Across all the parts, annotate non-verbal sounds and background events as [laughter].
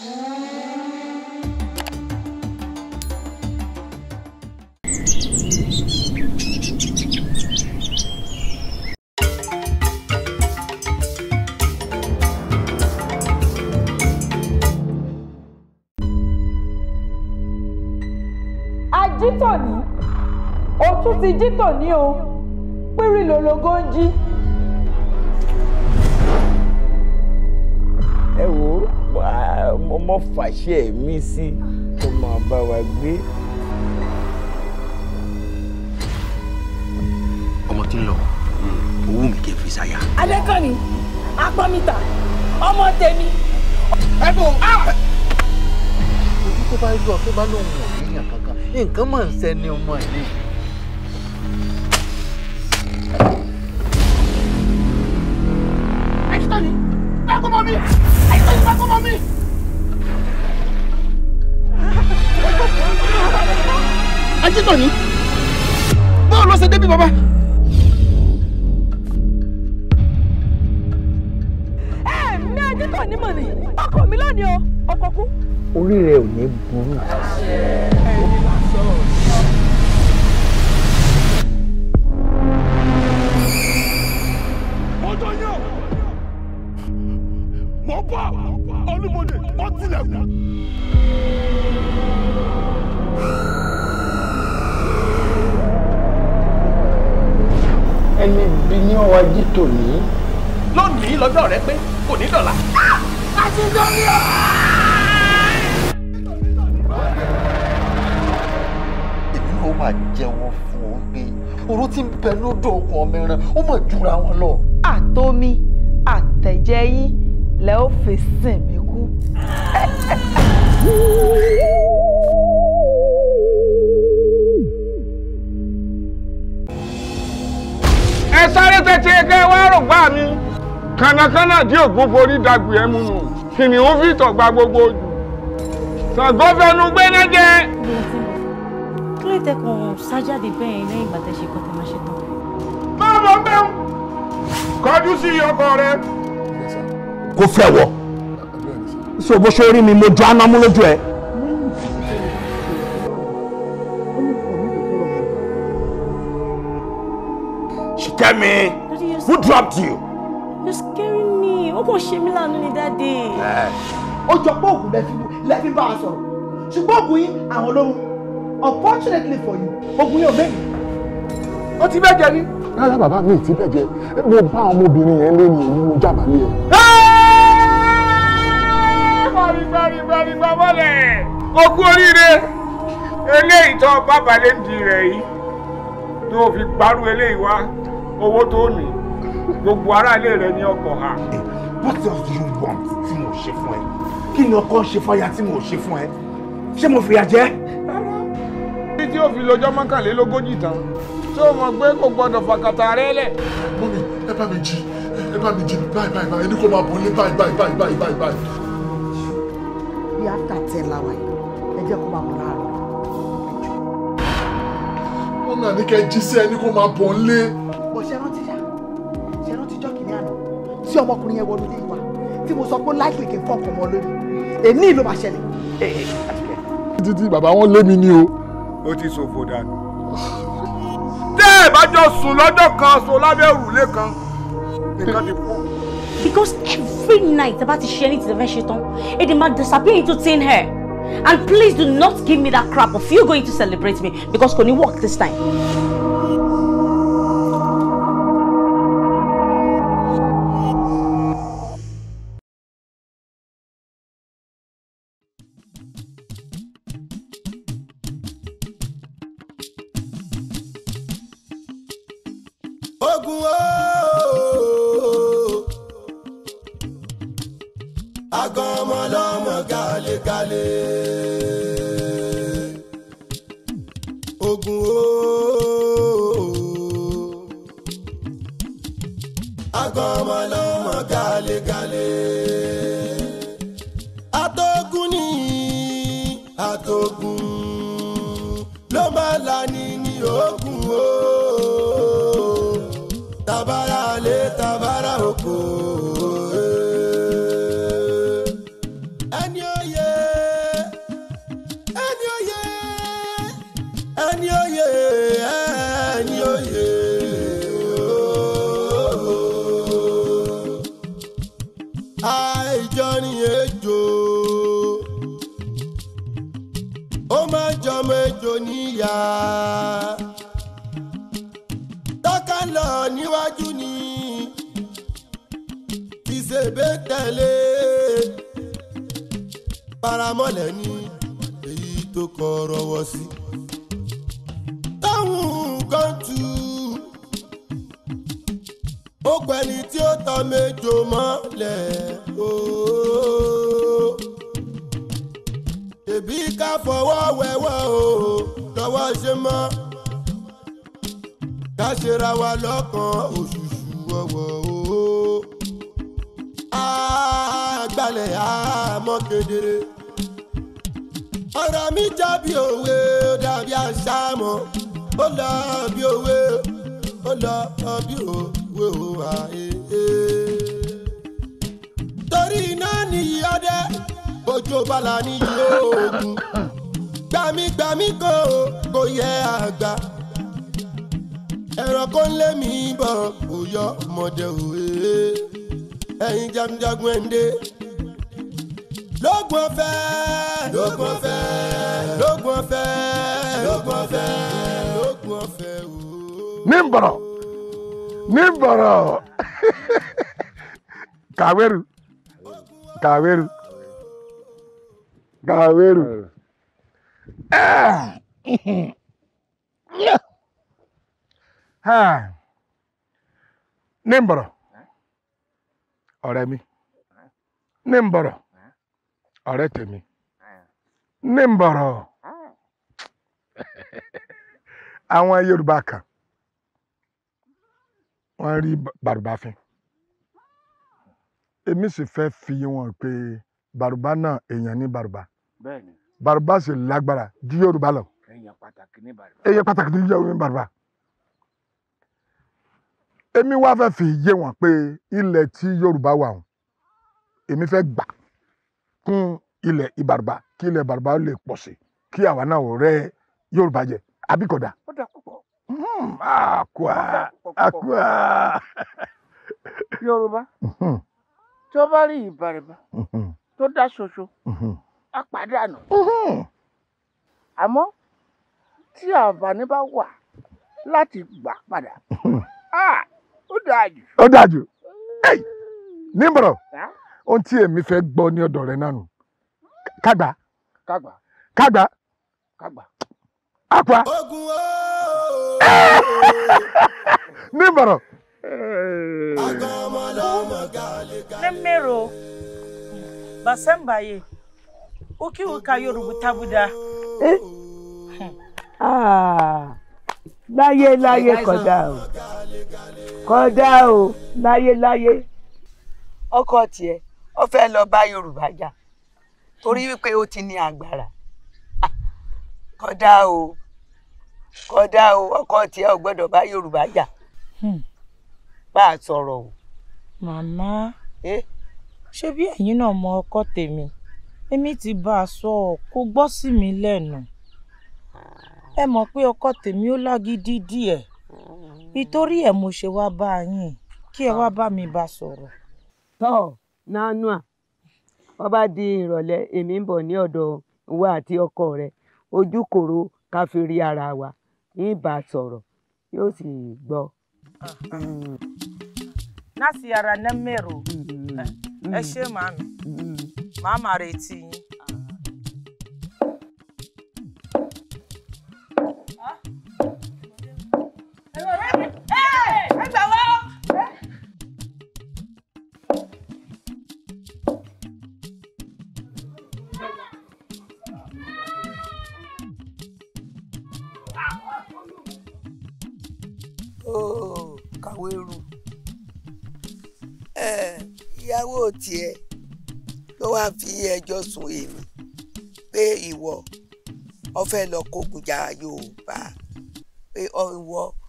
ajítòní òtún ti jítòní o pírí lòlógó ń jí. mọ́ fàṣẹ mi sí kó máa bá wa gbé. ọmọ tí ń lọ owó mi kì í fi ṣàyà. adékànnì apọ́mìtà ọmọ tèmi. ẹ bò á. Ah! ojú tó bá yọ tó bá lóun ò ní yàn nǹkan máa ń ṣẹni ọmọ yìí. ajé tòní báwo ló ṣe débí bàbá. ẹ mi ajé tòní mọ̀ ni ọkọ mi lónìí o ọkọ kú. orí rẹ ò ní burú. tòní. lónìí lọ́jọ́ rẹ pé kò ní dọ̀la. a ah! ti jọ ní ọ. èmi náà máa jẹ́wọ́ fún ọ pé oró tí ń bẹ lódò ọkọ̀ ọmọ ó mọ̀ jura wọn lọ. àtomi àtẹ̀jẹ́ yín lẹ́ ó fi sìn kú. kànákànnà dí ògún forí dàgbù ẹ múnú kìnìún fìtọ̀ gba gbogbo ojú Ṣàngó fẹnu gbéná jẹ. kí ló tẹ kàn ṣájáde bẹ́ẹ̀ lẹ́yìn ìgbà tẹ́ ṣe kọ́ tẹ́ máa ṣe tán. báwo bẹ́ẹ̀ kọjú sí ọkọ rẹ. kó fẹ́ wọ so bó ṣe rí mi mo ju aná mú lójú ẹ. She tell me, who dropped you? ó kò ṣe mí lánàá ní dáadé. ó jọ pé oògùn lẹ́fi lẹ́fi bá a sọ̀rọ̀ ṣùgbọ́n oògùn yín àwọn olóhùn unfortunately for you oògùn yóò bẹ́ẹ̀ ó ti bẹ́ẹ̀ jẹ ní. rárá bàbá mi ti bẹ́ẹ̀ jẹ mo bá ọmọbìnrin yẹn lé ní ìlú jábà ní ẹ. gbàrígbàrígbàrígbà mọ́lẹ̀ ogún oríire eléyìí tó bàbá lè di rẹ̀ yìí tó fi gbárù eléyìí wá owó tó ní gbogbo aráalé rẹ̀ ní ọkọ̀ ha what else do you want tí mo ṣe fún ẹ kí ni ọkọ ṣe fún aya tí mo ṣe fún ẹ ṣé mo fìyà jẹ. bí tí ó fi lọ́jọ́ mọ́kànlélógójì tán tó o mọ̀ pé kò gbọ́dọ̀ fàkàtà rẹ lẹ̀. mọ́mi ẹ bá mi jí ẹ bá mi jí báyìí báyìí báyìí ẹni kò máa bọ̀ ní báyìí báyìí báyìí báyìí báyìí báyìí. bí a kà tẹ làwà ẹ jẹ́ kó máa bọ̀ láàárọ̀. mọ́mi àníkẹ́ jí sí ẹni kò máa bọ̀ ń lé. bọ̀ṣẹ́ rántí tí ọmọkùnrin yẹn wọlé yìí wá tí mo sọ pé láìpẹ́ kí n fọ́ ọkọ̀ mọ́ lórí èmi ló máa ṣẹlẹ̀. títí bàbá wọn lé mi ní o. ó ti ṣòfò dànù. tẹ́ ẹ bá jọ sùn lọ́jọ́ kan sọ lábẹ́ òrùlé kan nìkan ti pọ̀. because every night tá a bá ti ṣe anything fẹ́ ṣe tán èdè máa disappear into thin hair and please do not give me that crap of you going to celebrate me because kò ní work this time. gbé wọlé ní èyí tó kọ rọwọ́ sí. táwọn kan tù ú ó pẹ́ni tí ó tọ́ méjò mọ́lẹ̀ ooo èbí ká fọwọ́ wẹ̀wọ́ o lọ́wọ́ ṣe mọ́ ká ṣera wa lọ́kàn òṣùṣù ọ̀wọ̀ o àgbàlẹ̀ àmọ́ kedere mi jẹ́ bí òwe ó dàbí àṣàmọ́ ó lọ bí òwe ó lọ bí òwe ó wà éé. torí iná nìyí ọdẹ bójú bala nìyí oògùn gbàmígbàmí kò kò yẹ àgbà ẹranko ń lé mi bọ̀ kò yọ ọmọdé òwe ẹ̀yin jagunjagun ẹ̀ ń dé lógun ọ̀fẹ́ lógun ọ̀fẹ́ lógun ọ̀fẹ́ lógun ọ̀fẹ́ lógun ọ̀fẹ́ o. ní bọ̀rọ̀ ní bọ̀rọ̀ kàwéru kàwéru kàwéru ah. ah. ní bọ̀rọ̀ ọ̀rẹ́ mi ní bọ̀rọ̀ ọ̀rẹ́ tèmi ní ń bọ̀rọ̀ àwọn Yorùbá kan wọ́n rí bàrùbá fín èmi sì fẹ́ fi wọn pé bàrùbá náà èèyàn ní bàrùbá bàrùbá sì lágbára ju Yorùbá lọ èèyàn pàtàkì ní bàrùbá èèyàn pàtàkì ní bàrùbá èmi wá fẹ́ fi yé wọn pé ilẹ̀ tí Yorùbá wà hùn èmi fẹ́ gbà kún ilẹ̀ ibarba kí ilẹ̀ ìbàrùbá lè pọ̀ sí kí àwa náà ò rẹ́ Yorùbá jẹ àbí kò dà. ó dà púpọ̀. àkùá hmm, àkùá. Yorùbá hmm. tí ó bá rí ìbàrùbá hmm. tó dá ṣoṣo á pàdánù. àmọ́ tí àǹfààní bá wà láti gbà padà ó dáa jù. ó dáa jù ní bọ̀rọ̀. ohun tí èmi fẹ́ gbọ́ ní ọ̀dọ̀ kagba kagba kagba kàgbà kàgbà kàgbà kàgbà [laughs] ní ìmọ̀ràn. ne o basembaye ukiwe ka yoruba tabuda. Eh? Ah. láyé láyé kódà o kódà o láyé láyé ọkọ ó fẹ́ lọ bá yorùbá jà torí wípé ó ti ní agbára kódà o kódà o ọkọ tiẹ̀ ò gbọ́dọ̀ bá yorùbá jà hmm. bá a sọ̀rọ̀ o. màmá ṣé bí ẹ̀yin náà mọ ọkọ tèmi èmi ti bá a sọ ọ kó gbọ́ sí mi lẹ́nu ẹ mọ̀ pé ọkọ tèmi ó lágídí díẹ̀ nítorí ẹ̀ mo ṣe wá bá yín kí ẹ wá bá mi bá sọ̀rọ̀. tọ́ọ̀ nánúà bó bá di ìrọ̀lẹ́ èmi ń bọ̀ ní àti ọkọ rẹ ojúkòrò ká fi rí ara wa ń a sọ̀rọ̀ yóò sì gbọ́. láti ara mm-hmm. ẹ màmí màmá mm-hmm. yín. Hello, ah. ah. tiẹ̀ ló wáá fi ẹjọ́ sùn èmi pé ìwọ ọfẹ lọ kógun jà Yorùbá pé ìwọ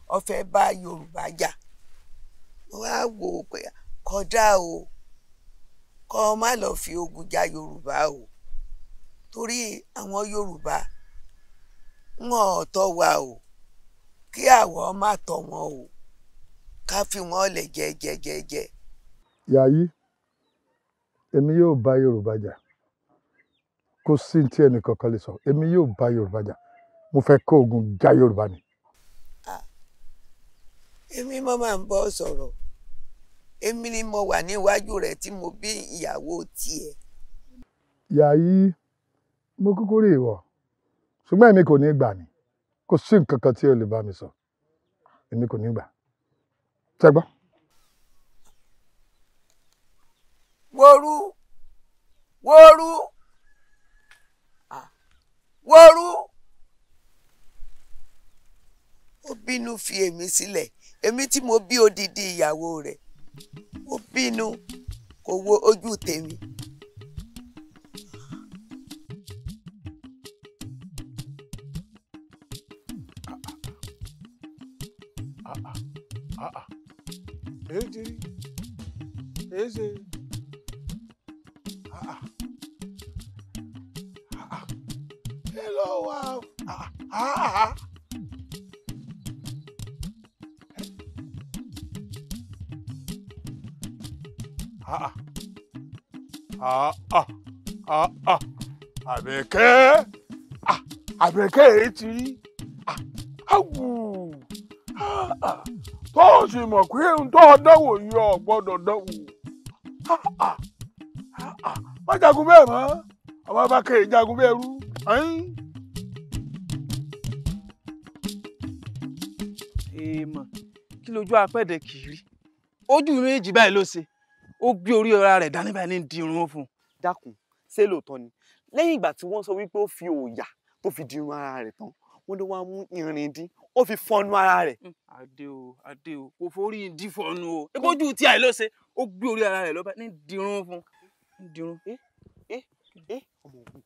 o bá Yorùbá jà mo wá wò ó pé o kọ ọ má lọ fi ogun jà Yorùbá o torí àwọn Yorùbá wọn wa o kí èmi yóò bá Yorùbá jà kò sí tí ẹnì kankan lè sọ èmi yóò bá Yorùbá jà mo fẹ́ kó ogun já Yorùbá ni. èmi mo máa ń bọ́ sọ̀rọ̀ èmi ni mo wà níwájú rẹ̀ tí mo bí ìyàwó tiẹ̀. yàyí mo kúkú rí ìwọ ṣùgbọ́n èmi kò ní gbà ni kò sí nǹkan kan tí o lè bá mi sọ èmi kò ní gbà ṣẹ́gbọ́n. woru woru ah. woru ó bínú fi èmi sílẹ̀ èmi tí mo bí odidi ìyàwó rẹ̀ ó bínú kò wo ojú tèmi. Ah, ah. Hello, ah, ah, ah, ah, ah, ah, ah, á. ah, àbẹ̀kẹ́ èyí ah, rí ah, ah, o sì mọ̀ pé ń tó ọ dánwò yìí ọ ah, ah má jagun bẹ́ẹ̀ mọ́ ọmọ bá kéè jagun bẹ́ẹ̀ rú. èèmọ̀ kí lójú apẹ̀dẹ̀ kì ojú méjì báyìí ló ṣe ó gbé orí ọ̀rá rẹ̀ dání báyìí ní dirun fún un. dákun ṣé lóòótọ́ ni lẹ́yìn ìgbà tí wọ́n sọ wípé ó fi òòyà tó fi dirun ara rẹ̀ tán wọ́n ló wá mú irin dín ó fi fọnu ara rẹ̀. Hmm. adé o adé o kò forí dín fọnu o ebójú tí àìlọ́sẹ̀ ó gbé orí ara rẹ̀ lọ́ba ní dirun fún un ń dirun ẹ ẹ ẹ ọmọ òun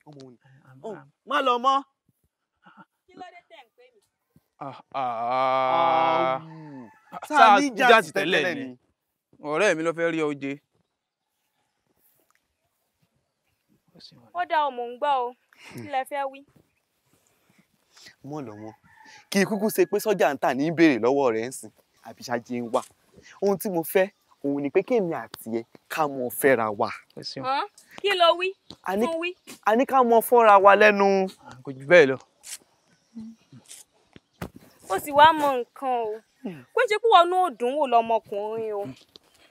ọmọ òun ọhún ah, ah, oh, ah. má lọ mọ. kí ló dé tẹ̀ ń pè mí. sáà ní jáàsì tẹ́lẹ̀ ni ọ̀rẹ́ mi ló fẹ́ rí ọ jẹ. ó dá ọmọ ń gbọ́ o kí lẹ fẹ́ wí. mọ̀ lọ́mọ kí ikúkú ṣe pé sọ́jà ń tà ní í béèrè lọ́wọ́ rẹ̀ ń sìn àbíṣájé ń wà ohun tí mo fẹ́ òun ni pé kémi àti ẹ ká mọ fẹ́ra wa. kí ló wí fún wí. a ní ká mọ fọ́ra wa lẹ́nu. kò jù bẹ́ẹ̀ lọ. ó sì wá mọ nǹkan o pé ṣe pé wọn lọmọkùnrin o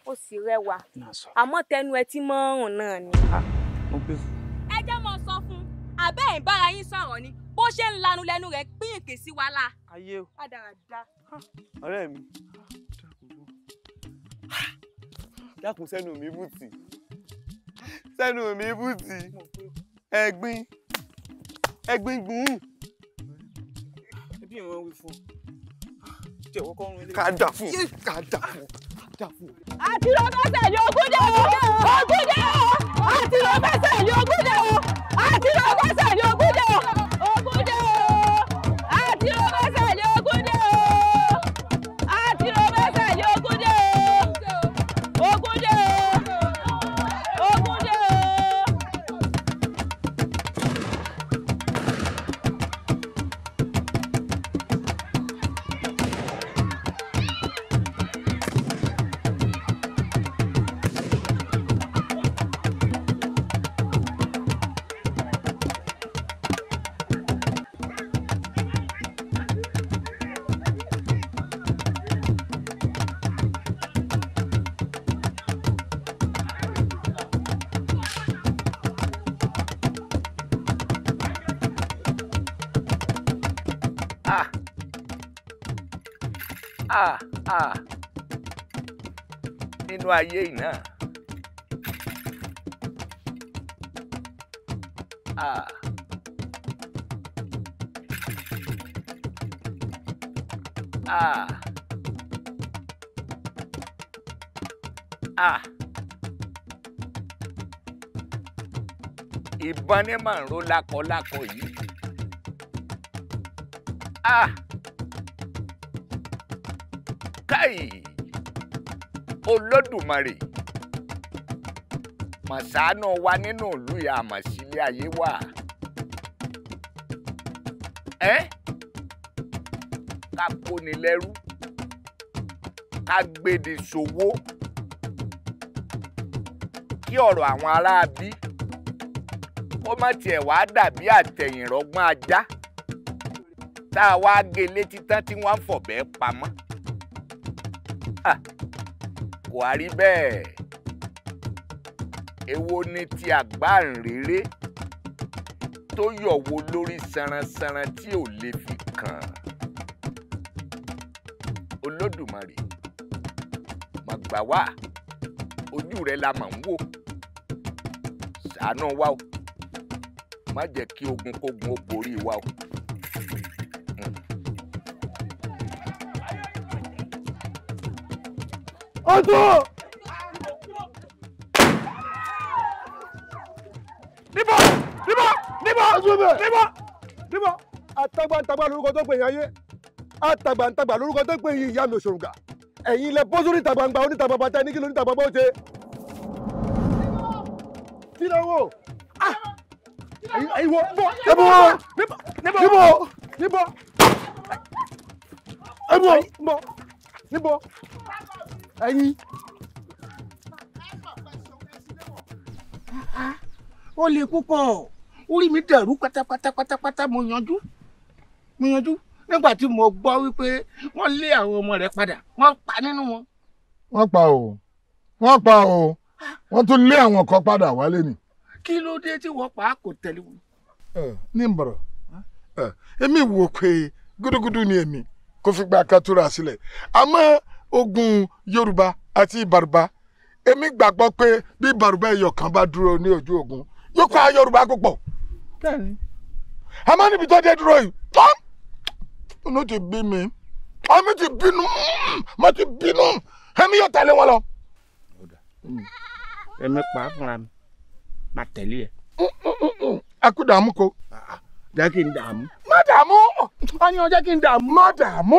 ó sì rẹwà àmọ́ tẹnu ẹ tí mọ́rùn náà ni. Ah, ẹ jẹ́ mọ sọ fún abẹ́ ẹ̀ ń bára yín sọ̀rọ̀ ni bó ṣe ń lanu lẹ́nu rẹ̀ pín ìpè sí wa la. ayé o. ọ̀rẹ́ mi dákun sẹ́nu mi bùtì sẹ́nu mi bùtì ẹ̀gbin ẹ̀gbin gùn. ẹbí ìwọ̀n wí fún ọ jẹ́ ìwọ́kọ́ ọ̀run ilé. ká dà fún ká dà fún ká dà fún. àti lọ fẹsẹ̀ ní ogún o ogún dé o àti lọ fẹsẹ̀ ní ogún o àti lọ fẹsẹ̀ ní ogún o. ah ah nínú ayé yìí náà ah. Ah. Ah. ìbọn ní màá ń ro lákọlákọ yìí. Ah. yìí olódùmarè màsánù wa nínú ìlú yà àmọ̀ sílé ayé wà Ẹ ká kóni lẹ́rú ká gbèdè ṣòwò kí ọ̀rọ̀ àwọn aráabí kó má tiẹ̀ wá dàbí àtẹ̀yìnrọ́gbọ́n ajá tá a wá gé e létí tán tí wọ́n á fọ̀bẹ́ pamọ́. kò á Ewo bẹ́ẹ̀ èwo ni ti àgbáǹréré tó yọ̀wò lórí sanransanran tí ò lè fi kàn olódùmarè mà gbà wá ojú rẹ la mà ń wò ṣàánú wa o má jẹ́ kí ogun ó borí wa o. Alto! Níbo! Níbo! Níbo! Níbo! Níbo! Atagbantagba lorúkọ tó pè yín ayé. Atagbantagba lorúkọ tó pè yín ìyá mi òṣòrùngà. Ẹ̀yin ilẹ̀ bọ́sù níta gbangba oníta bàbá tá ẹni kí ló níta bàbá ó ṣe. Kí ló wò? Ah! Ẹ̀yin wo bọ̀. Níbo! Níbo! Níbo! Níbo! Níbo! Níbo! ẹ̀yin. ó le púpọ̀ orí mi dẹ̀rú pátápátá pátápátá mo yanjú mo yanjú nígbà tí mo gbọ́ wípé wọ́n lé àwọn ọmọ rẹ̀ pada, wọ́n pa nínú wọn. wọ́n pa o wọ́n pa o wọ́n tún lé àwọn kan padà wálé ni. kí ló dé tí wọ́n pa á kò tẹ̀lé wọn. ẹ ní bọ̀rọ̀ èmi wò pé gúdúgúdú ni èmi kò fi gba kan túra sílẹ̀ ogun yorùbá àti bàrùbá èmi gbàgbọ́ pé bí bàrùbá ẹyọ kan bá dúró ní ojú ogun yóò kọ́ yorùbá púpọ̀ àmọ́ níbi tó dé dúró yìí tán inú ti bí mi àmì ti bínú mo ti bínú èmi yóò tẹ̀lé wọn lọ. èmi pa fúnra mi máa tẹ̀lé ẹ. ẹ kú dààmú ko. Ah, jẹ́ kí n dààmú. má dààmú. a ní ọjọ́ kí n dààmú. má dààmú.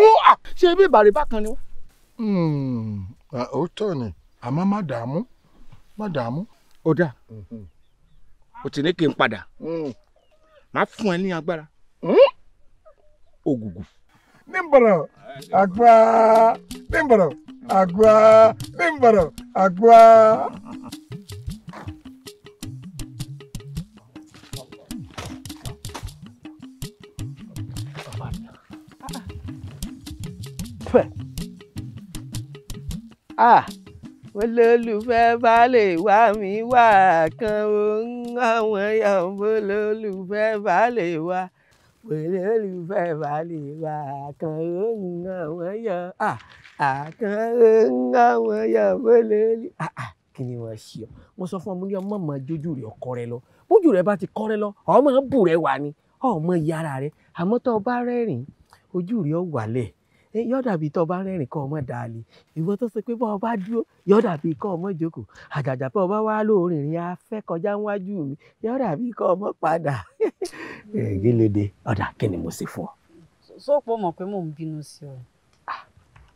ṣé ibi ìbàrẹ̀ bá kan ni wọ́n. Hmm. Ah, òótọ́ ni àmọ́ má dààmú má dààmú. ó dáa o mhm. ti ní kí n padà hmm. máa fún ẹ ní agbára hmm? nímbọ̀rọ̀ olólùfẹ́ baálé wá mi wá kan òun àwọn yàwó olólùfẹ́ baálé wá olólùfẹ́ baálé wá kan òun àwọn yàwó àkàn òun àwọn yàwó olólùfẹ́ kí ni wọ́n ṣe ọ́ wọ́n sọ fún ọmọ ní ọmọ mọ̀ jójú rẹ̀ ọkọ rẹ lọ bójú rẹ̀ bá ti kọ́ rẹ lọ ọmọ bù rẹ wà ní ọmọ ìyára rẹ àmọ́ tó o bá rẹ́rìn-ín ojú rẹ̀ ọ̀ wálẹ̀ yọ́ dàbí tó bá rẹ́rìn kọ́ ọmọ dàlẹ́ ìwọ tó ṣe pé bọ́ ọ bá dúró yọ́ dàbí kọ́ ọmọ jókòó àjàjà pé ọba wá lóorin ìrìn afẹ́ kọjá níwájú mi yọ́ dàbí kọ́ ọmọ padà. gélede ọ̀dà kí ni mo ṣe fún ọ. sọ́pọ̀ mọ̀ pé mò ń bínú sí ọ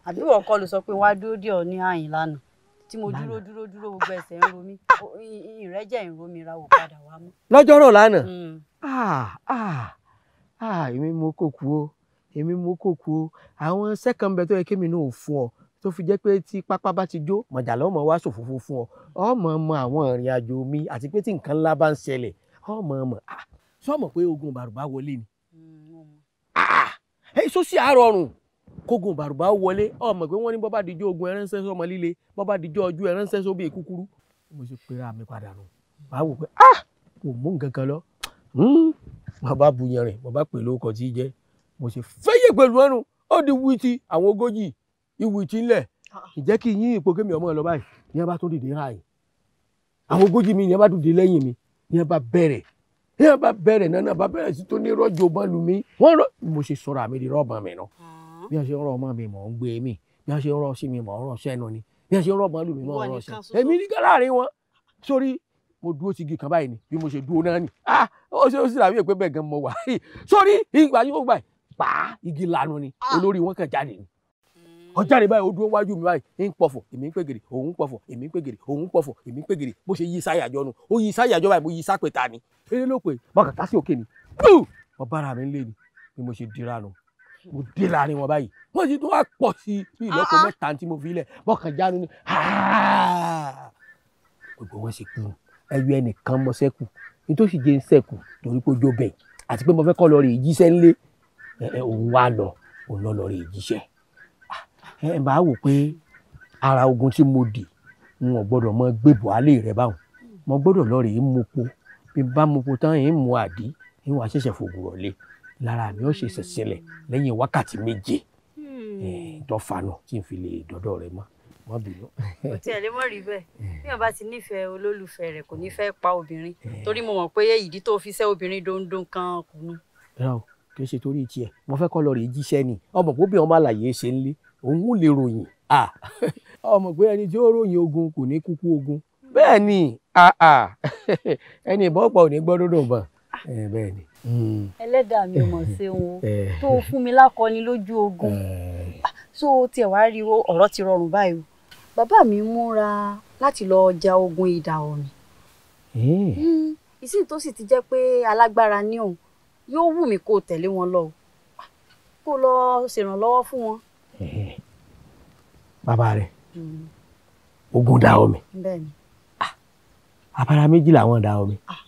àbí wọn kọ́ ló sọ pé wá dúró dé ọ ní àyìn lánàá tí mo dúró dúró dúró gbogbo ẹsẹ̀ ń ro mí ìrẹ́jẹ̀ ń ro mi ra wò padà wá mọ́. lọ́jọ́rò lánàá hmm. ah, ah, ah, èmi mo kò kú o èmi mo kò kú o àwọn sẹ́kànbẹ tó yẹ kémi náà ò fún ọ tó fi jẹ́ pé tí pápá bá ti jó mọ̀jàlá ọmọ wa ṣòfófó fún ọ ọmọ ọmọ àwọn ìrìn àjò mi àti pé tí nǹkan ńlá bá ń ṣẹlẹ̀ ọmọ ọmọ ah sọmọ pé ogun bàrùbá wọlé ni ah ẹ sọ́sì àárọ̀rùn kógun bàrùbá wọlé ọmọ pé wọ́n ní bọ́bá dijọ́ ogun ẹrẹ́nsẹ́ sọmọ líle bọ́bá dijọ́ ọjọ́ ẹrẹ́nsẹ́ sóbì kúkúrú mo ṣe pera mi padà nù màá wò pé ah kò mú nǹkan kan lọ bàbá hmm, bu yẹn rìn bàbá pè lóko tí jẹ́ mo ṣe fẹ́yẹ̀ pẹ̀lú ẹnu ó di wíìtì àwọn ogójì ìwìtì ńlẹ̀ ìjẹ́ ah. kí yín ipò kémi ọmọ ẹ lọ báyìí ní ẹ bá tún dìde ra yìí àwọn ogójì mi ní ẹ bá dìde lẹ́yìn mi ní ẹ bá bẹ̀rẹ̀ ní ẹ bá bẹ̀rẹ̀ náà bá bẹ̀rẹ̀ sí tó ní rọ́jò bá lu mi wọ́n rọ́ mo ṣe sọ̀rọ̀ àmì ìdìrọ̀ ọ̀bọ̀n mi náà ah. bí a ṣe rọ ọmọ mi mọ̀ ń gbé e mi bí a ṣe rọ sí mi mọ̀ ọ̀rọ̀ sẹ́nu ni bí a ṣe rọ ọmọ lu mi mọ̀ ọ̀rọ̀ sẹ́nu mo dúró ti igi kan báyìí ni bí mo ṣe dúró náà ni ah ó ṣe ó sì rà wíyẹ pé bẹ́ẹ̀ gan mo wà [laughs] sórí ìgbà yóò gbà pa igi lanu ni ah. olórí wọn kàn jáde ni ọjàre hmm. báyìí ó dúró wájú mi báyìí ń pọfọ èmi ń pègèrè òun pọfọ èmi ń pègèrè òun pọfọ èmi ń pègèrè bó ṣe yí sáyàjọ nu ó yí sáyàjọ báyìí mo yí sápẹta ni eré ló pè bọkà kásí òkè ni ọbára mi ń lé ni ni mo ṣe dira nu mo dé láàrin wọn báyìí wọn sì tún wá pọ̀ sí i bí ìlọ́po mẹ́ta tí mo fi lẹ̀ bọkàn jánu ni gbogbo wọn sì kú ẹyọ ẹnìkan mọ sẹkù nítòsí jẹ ń sẹkù torí pé jó bẹ́ẹ̀ àti pé mo fẹ́ kọ́ lọ rè é jíṣẹ́ ńlé òun wá lọ òun lọ lọ rè jíṣẹ́ ah, ẹ bá wò pé ara ogun tí mo dì n ò gbọ́dọ̀ mọ gbé buhari rẹ báwọn mo gbọ́dọ̀ lọ rè mupo bí bá mupo tán yìí mu àdí yìí wàá ṣẹ̀ṣẹ̀ fògùn rọ̀lẹ́ lára mi ó ṣe ṣẹ̀ṣẹ̀lẹ̀ lẹ́yìn wákàtí méje dọ́fàánù hmm. tí n fi lè dọ́dọ̀ rẹ mọ́ mọ́ bínú. kò tiẹ̀ lè mọ̀ rí bẹ́ẹ̀ bí [laughs] wọ́n eh. bá ti nífẹ̀ẹ́ olólùfẹ́ rẹ̀ kò ní fẹ́ pa obìnrin eh. torí mo mọ̀ pé ìdí tó fi ṣẹ́ obìnrin dóńdó kan kùnú kì í ṣe torí tiẹ̀ mo fẹ́ kọ́ lọ rè jíṣẹ́ ni ọmọ pé obìnrin ọmọ àlàyé ṣe ń lé òun lè ròyìn ọmọ pé ẹni tí ó ròyìn ogun kò ní kúkú ogun bẹ́ẹ̀ ni ẹni ìbọn pọ̀ ò ní gbọ́ dúdùn bọ̀ bẹ́ẹ̀ ni. Hmm. ẹlẹ́dàá mi ò mọ̀ sí [laughs] òun tó fún mi lákọni lójú ogun tó tiẹ̀ wá rí ọ̀rọ̀ ti rọrùn báyìí bàbá mi múra láti lọ ja ogun ìdà ọ̀mì hmm. ìsìn tó sì ti jẹ́ pé alágbára ní òun yóò wù mí kó o tẹ̀lé wọn lọ o kó o lọ ṣèrànlọ́wọ́ fún wọn. bàbá rẹ hmm. ogun da omi abara méjì làwọn da omi. Ah.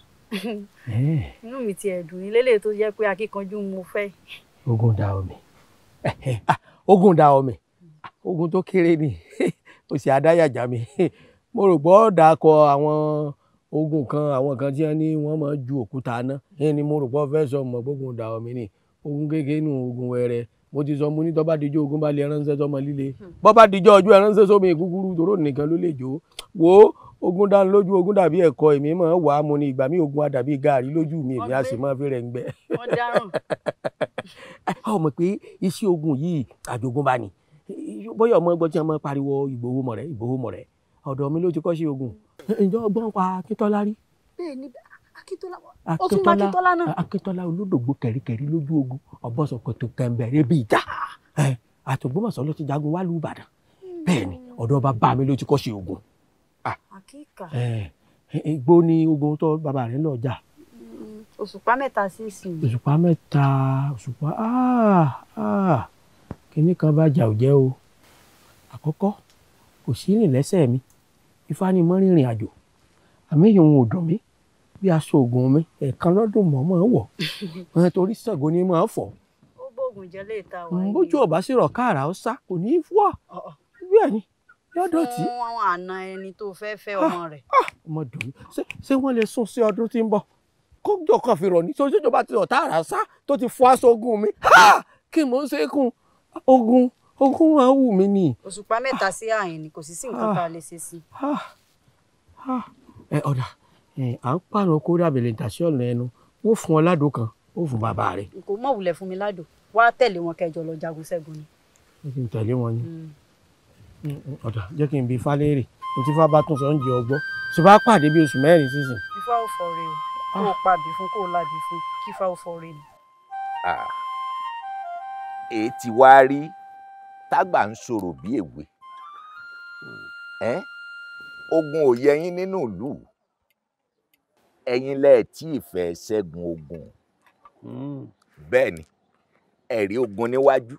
Eh. inú mi ti ẹ̀dùn ní lélẹ̀ tó jẹ́ pé akíkanjú mo fẹ́. ogun da omi ah, ogun da omi ah, ogun tó kéré ni o sì adáyàjá mi [laughs] mo rò gbọ́ dà kọ àwọn ogun kan àwọn kan tí wọ́n ní wọ́n máa ju òkúta ná yẹn ni mo rò pé ọ fẹ́ sọ mọ̀ gbógun dà omi ni ogun kékeré nù ogun wẹ̀rẹ̀ mo ti sọ mo ní tọ́ bá dijọ́ ogun bá ránṣẹ́ sọmọ líle bọ́ dijọ́ ọjọ́ ránṣẹ́ sọmọ ìkúkúrú tòró nìkan ló lè jó wo ogun dá lójú ogun dàbí ẹ̀kọ́ èmi máa wà á mo ní ìgbà mi ogun àdàbí gààrí lójú mi èmi á sì máa fi rẹ̀ ń gbẹ. ọ [laughs] mọ̀ pé iṣẹ́ ogun yìí àjogúnbá ni bóyá ọmọ ẹgbọ́n tí máa pariwo Ìgbòho mọ̀rẹ́ Ìgbòho mọ̀rẹ́ ọ̀dọ̀ mi ló ti kọ́ sí ogun ǹjọ́ gbọ́n pa akíntola rí. bẹ́ẹ̀ni akíntola ó tún bá akíntola náà. akíntola olódògbò kẹ̀ríkẹ̀rí lójú ogun ọ̀bọ̀sọ̀kòtò kẹ̀mbẹ̀rẹ̀ bíi ìjà àtògbọ́mọ̀sán ló ti jagun wá lùbàdàn hmm. bẹ́ẹ̀ni ọ̀dọ̀ bàbá mi ló ti kọ́ sí ogun. Ah. àkíkà. igbó ni ogun tó bàbá rẹ̀ lọ jà. Hmm, òṣùpá mẹ́ta sí ìsìn. òṣùpá mẹ́ta òṣùpá ah, ah. kínní kan bá jà ò o àkọ́kọ́ kò sí ìrìn lẹ́sẹ̀ mi ifá ni mo rìnrìn àjò àmì ìhun ò dùn mí bí aṣọ ògùn mi ẹ̀ẹ̀kan lọ́dún mọ̀ mọ̀ ń wọ̀ [laughs] ẹ̀ torí Ṣàngó ni mo fọ̀. ó bóògùn jẹ́ lè ta wáyé. Hmm, bójú ọba sí rọ káàrà ó sá kò ní í fọ́ bẹ́ẹ̀ ni lọ́dọ̀ tí. fún àwọn àna ẹni tó fẹ́ fẹ́ ah, ọmọ rẹ̀. Ah, ọmọ dùn mí ṣé wọ́n lè sún sí ọdún tí ń bọ̀ kójọ kan fi rọ̀ ní sọ́jọ́jọba ti rọ̀ táàrà sá tó ti fọ́ aṣọ ogun mi kí mò ń ṣe é kún ogun ogún wa wù mí ni. òṣùpá mẹ́ta sí àyìn ni kò sì sí nǹkan tá a lè ṣe sí. ẹ ọ̀dà à ń pààrọ̀ kó dàbẹ̀lẹ̀ ìtàsí ọ̀nà ẹnu wọ́n fún ọ ládùn kan ó fún bàbá rẹ̀. kò mọ̀ wulẹ̀ fún mi ládùn wá tẹ̀lé wọn kẹjọ lọ jagun ṣẹ́gun ni. ó ti ń tẹ̀lé wọn ni mm. Mm, mm, ọ̀dà jẹ́ kí n bi falẹ́rì ní tí fábà tún sọ ọgbọ́ ṣùgbọ́n a pàdé bíi oṣù mẹ́rin sísìn. ifá ò fọ re o ah. kó o pa bì fún kó o lábì fún ah. ti wá rí tágbà ń ṣòro bí èwe hmm. ẹ ogun ò yẹ yín nínú ìlú ẹ̀yin lẹ tí ìfẹ́ ṣẹ́gun ogun hmm. bẹ́ẹ̀ ni ẹ̀rí ogun níwájú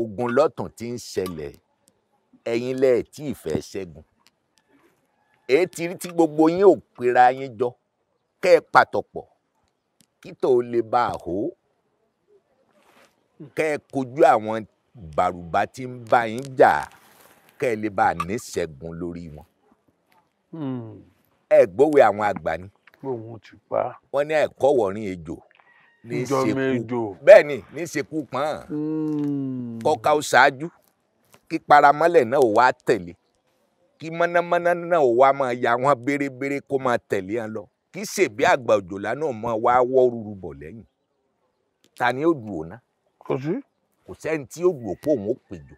ogun lọ́tàn tí ń ṣẹlẹ̀ ẹ̀yin lẹ tí ìfẹ́ ṣẹ́gun èyí ti rí tí gbogbo yín ò pera yín jọ kẹ́ ẹ pàtọ̀pọ̀ kí tó lè bá a hó hmm. kẹ́ ẹ kojú àwọn bàrùbá tí ń bá yín jà kẹ́ ẹ lè bá a ní ṣẹ́gun lórí wọn. Hmm. ẹ gbówe àwọn àgbà ni. pa. wọ́n ní ẹ̀kọ́ wọ̀rin ejò. ìjọ mẹ́jọ. bẹ́ẹ̀ ni ní ìsìnkú pọ́n. Hmm. kọ́ka ó ṣáájú kí paramọ́lẹ̀ náà ò wá tẹ̀lé kí mọ̀nàmọ́ná náà ò wá máa ya wọn bérebére kó máa tẹ̀lé wọn lọ kí ṣèbí àgbà òjòlá náà máa wá wọ́ rúru bọ̀ lẹ́yìn ta ni ó dùn òun náà. kò sí kò sẹ́ni tí ó rò pé òun ó pèjò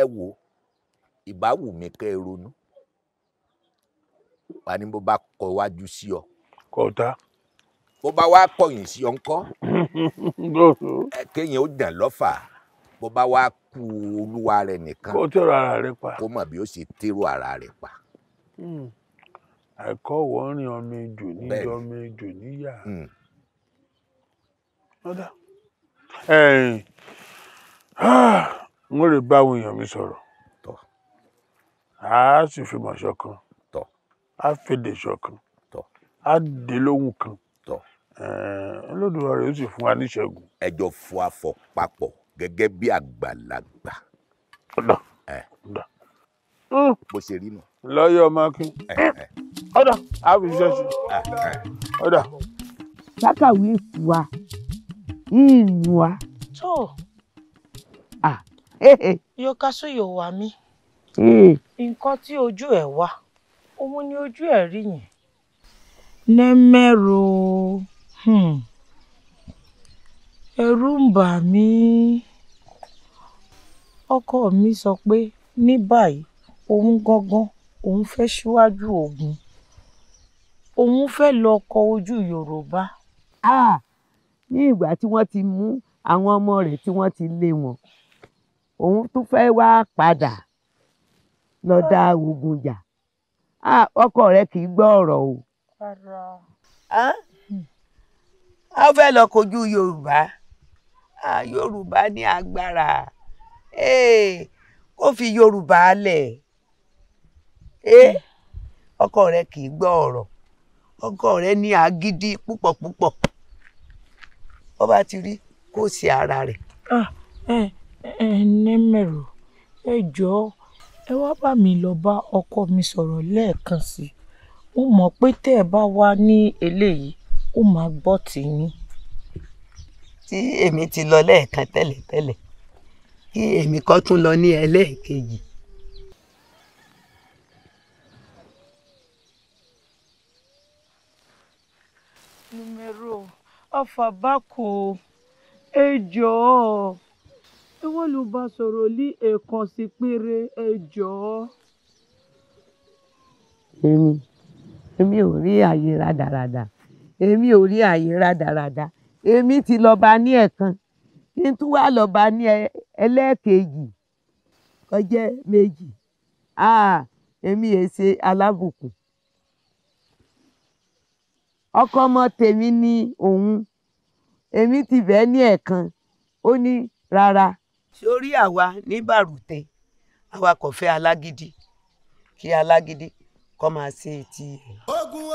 ẹ wo ìbáwù mi kẹ́ ẹ ronú wà ní bó bá kọ iwájú sí ọ. kò tá. bó bá wá kọyìn sí ọ ńkọ́. [laughs] kéèyàn ó dàn lọ́fà bó bá wá kú olúwa rẹ nìkan. kó tẹ̀rọ ara rẹ pa. kó mọ̀ bí ó ṣe tẹ̀rọ ara rẹ pa. Hmm. àìkọ́ wọ́n rìn ọmọ ejò níjọ́ ọmọ ejò níyà. ọ̀dà. Hmm ẹ̀yìn ah, n ó lè bá àwọn èèyàn mi sọ̀rọ̀ a sì fi mọ̀ ṣọ̀kan a fèdè ṣọ̀kan a dè lóhùn kan olódùmarè yóò sì fún wa níṣẹ́gun. ẹ jọ fọ afọ papọ̀ gẹ́gẹ́ bí àgbàlagbà. ọ̀dà ọ̀dà hm. bó ṣe rí nù. lọ́yọ̀ mákin ọ̀dà àbíṣẹ́sì ọ̀dà. sákàwé fún wa yiwa to ah eh, eh. yo kasu yo wa mi eh. nǹkan tí ojú ẹ̀ wà òun ni ojú ẹ̀ rí yẹn nẹ́mẹ́rò hmm. ẹ̀rù ń bà mí ọkọ mi sọ pé ní báyìí òun gangan òun fẹ́ síwájú ogun òun fẹ́ lọ kọ ojú yorùbá. Ah ní ìgbà tí wọ́n ti mú àwọn ọmọ rẹ̀ tí wọ́n ti lé wọn òun tún fẹ́ wá padà lọ dá ogun jà ọkọ rẹ̀ kì í gbọ́ ọ̀rọ̀ o. a fẹ́ lọ kojú yorùbá yorùbá ní agbára kó fi yorùbá lẹ̀ ọkọ rẹ̀ kì í gbọ́ ọ̀rọ̀ ọkọ rẹ̀ ní agídí púpọ̀ púpọ̀ bó bá ti rí kó ṣe ara rẹ̀. ẹ ẹ nẹ́mẹ̀rọ ẹ jọ̀ọ́ ẹ wá bá mi lọ bá ọkọ mi sọ̀rọ̀ lẹ́ẹ̀kan sí i mo mọ̀ pé tẹ́ ẹ bá wà ní eléyìí ó máa gbọ́ tìyín. tí èmi ti lọ lẹ́ẹ̀kan tẹ́lẹ̀tẹ́lẹ̀ kí èmi kọ́ tún lọ ní ẹlẹ́ẹ̀kejì. número ọfàbákò ejo, ewo ẹ wọ́n ló bá sọ̀rọ̀ lé ẹ̀ẹ̀kan sí péré emi jọ̀ọ́. èmi èmi ò rí àyè rádaràda èmi ò rí àyè rádaràda èmi ti lọ bá ní ẹ̀kan kí n tún wá lọ bá ní ẹlẹ́ẹ̀kejì kọjá méjì èmi èsè alábùkù ọkọ ọmọ tèmi ni òun èmi ti bẹ́ẹ̀ ní ẹ̀ẹ̀kan ó ní rárá. sórí àwa ní bàrùtẹ àwa kò fẹ́ alágídí kí alágídí kó máa ṣe ti. ogun o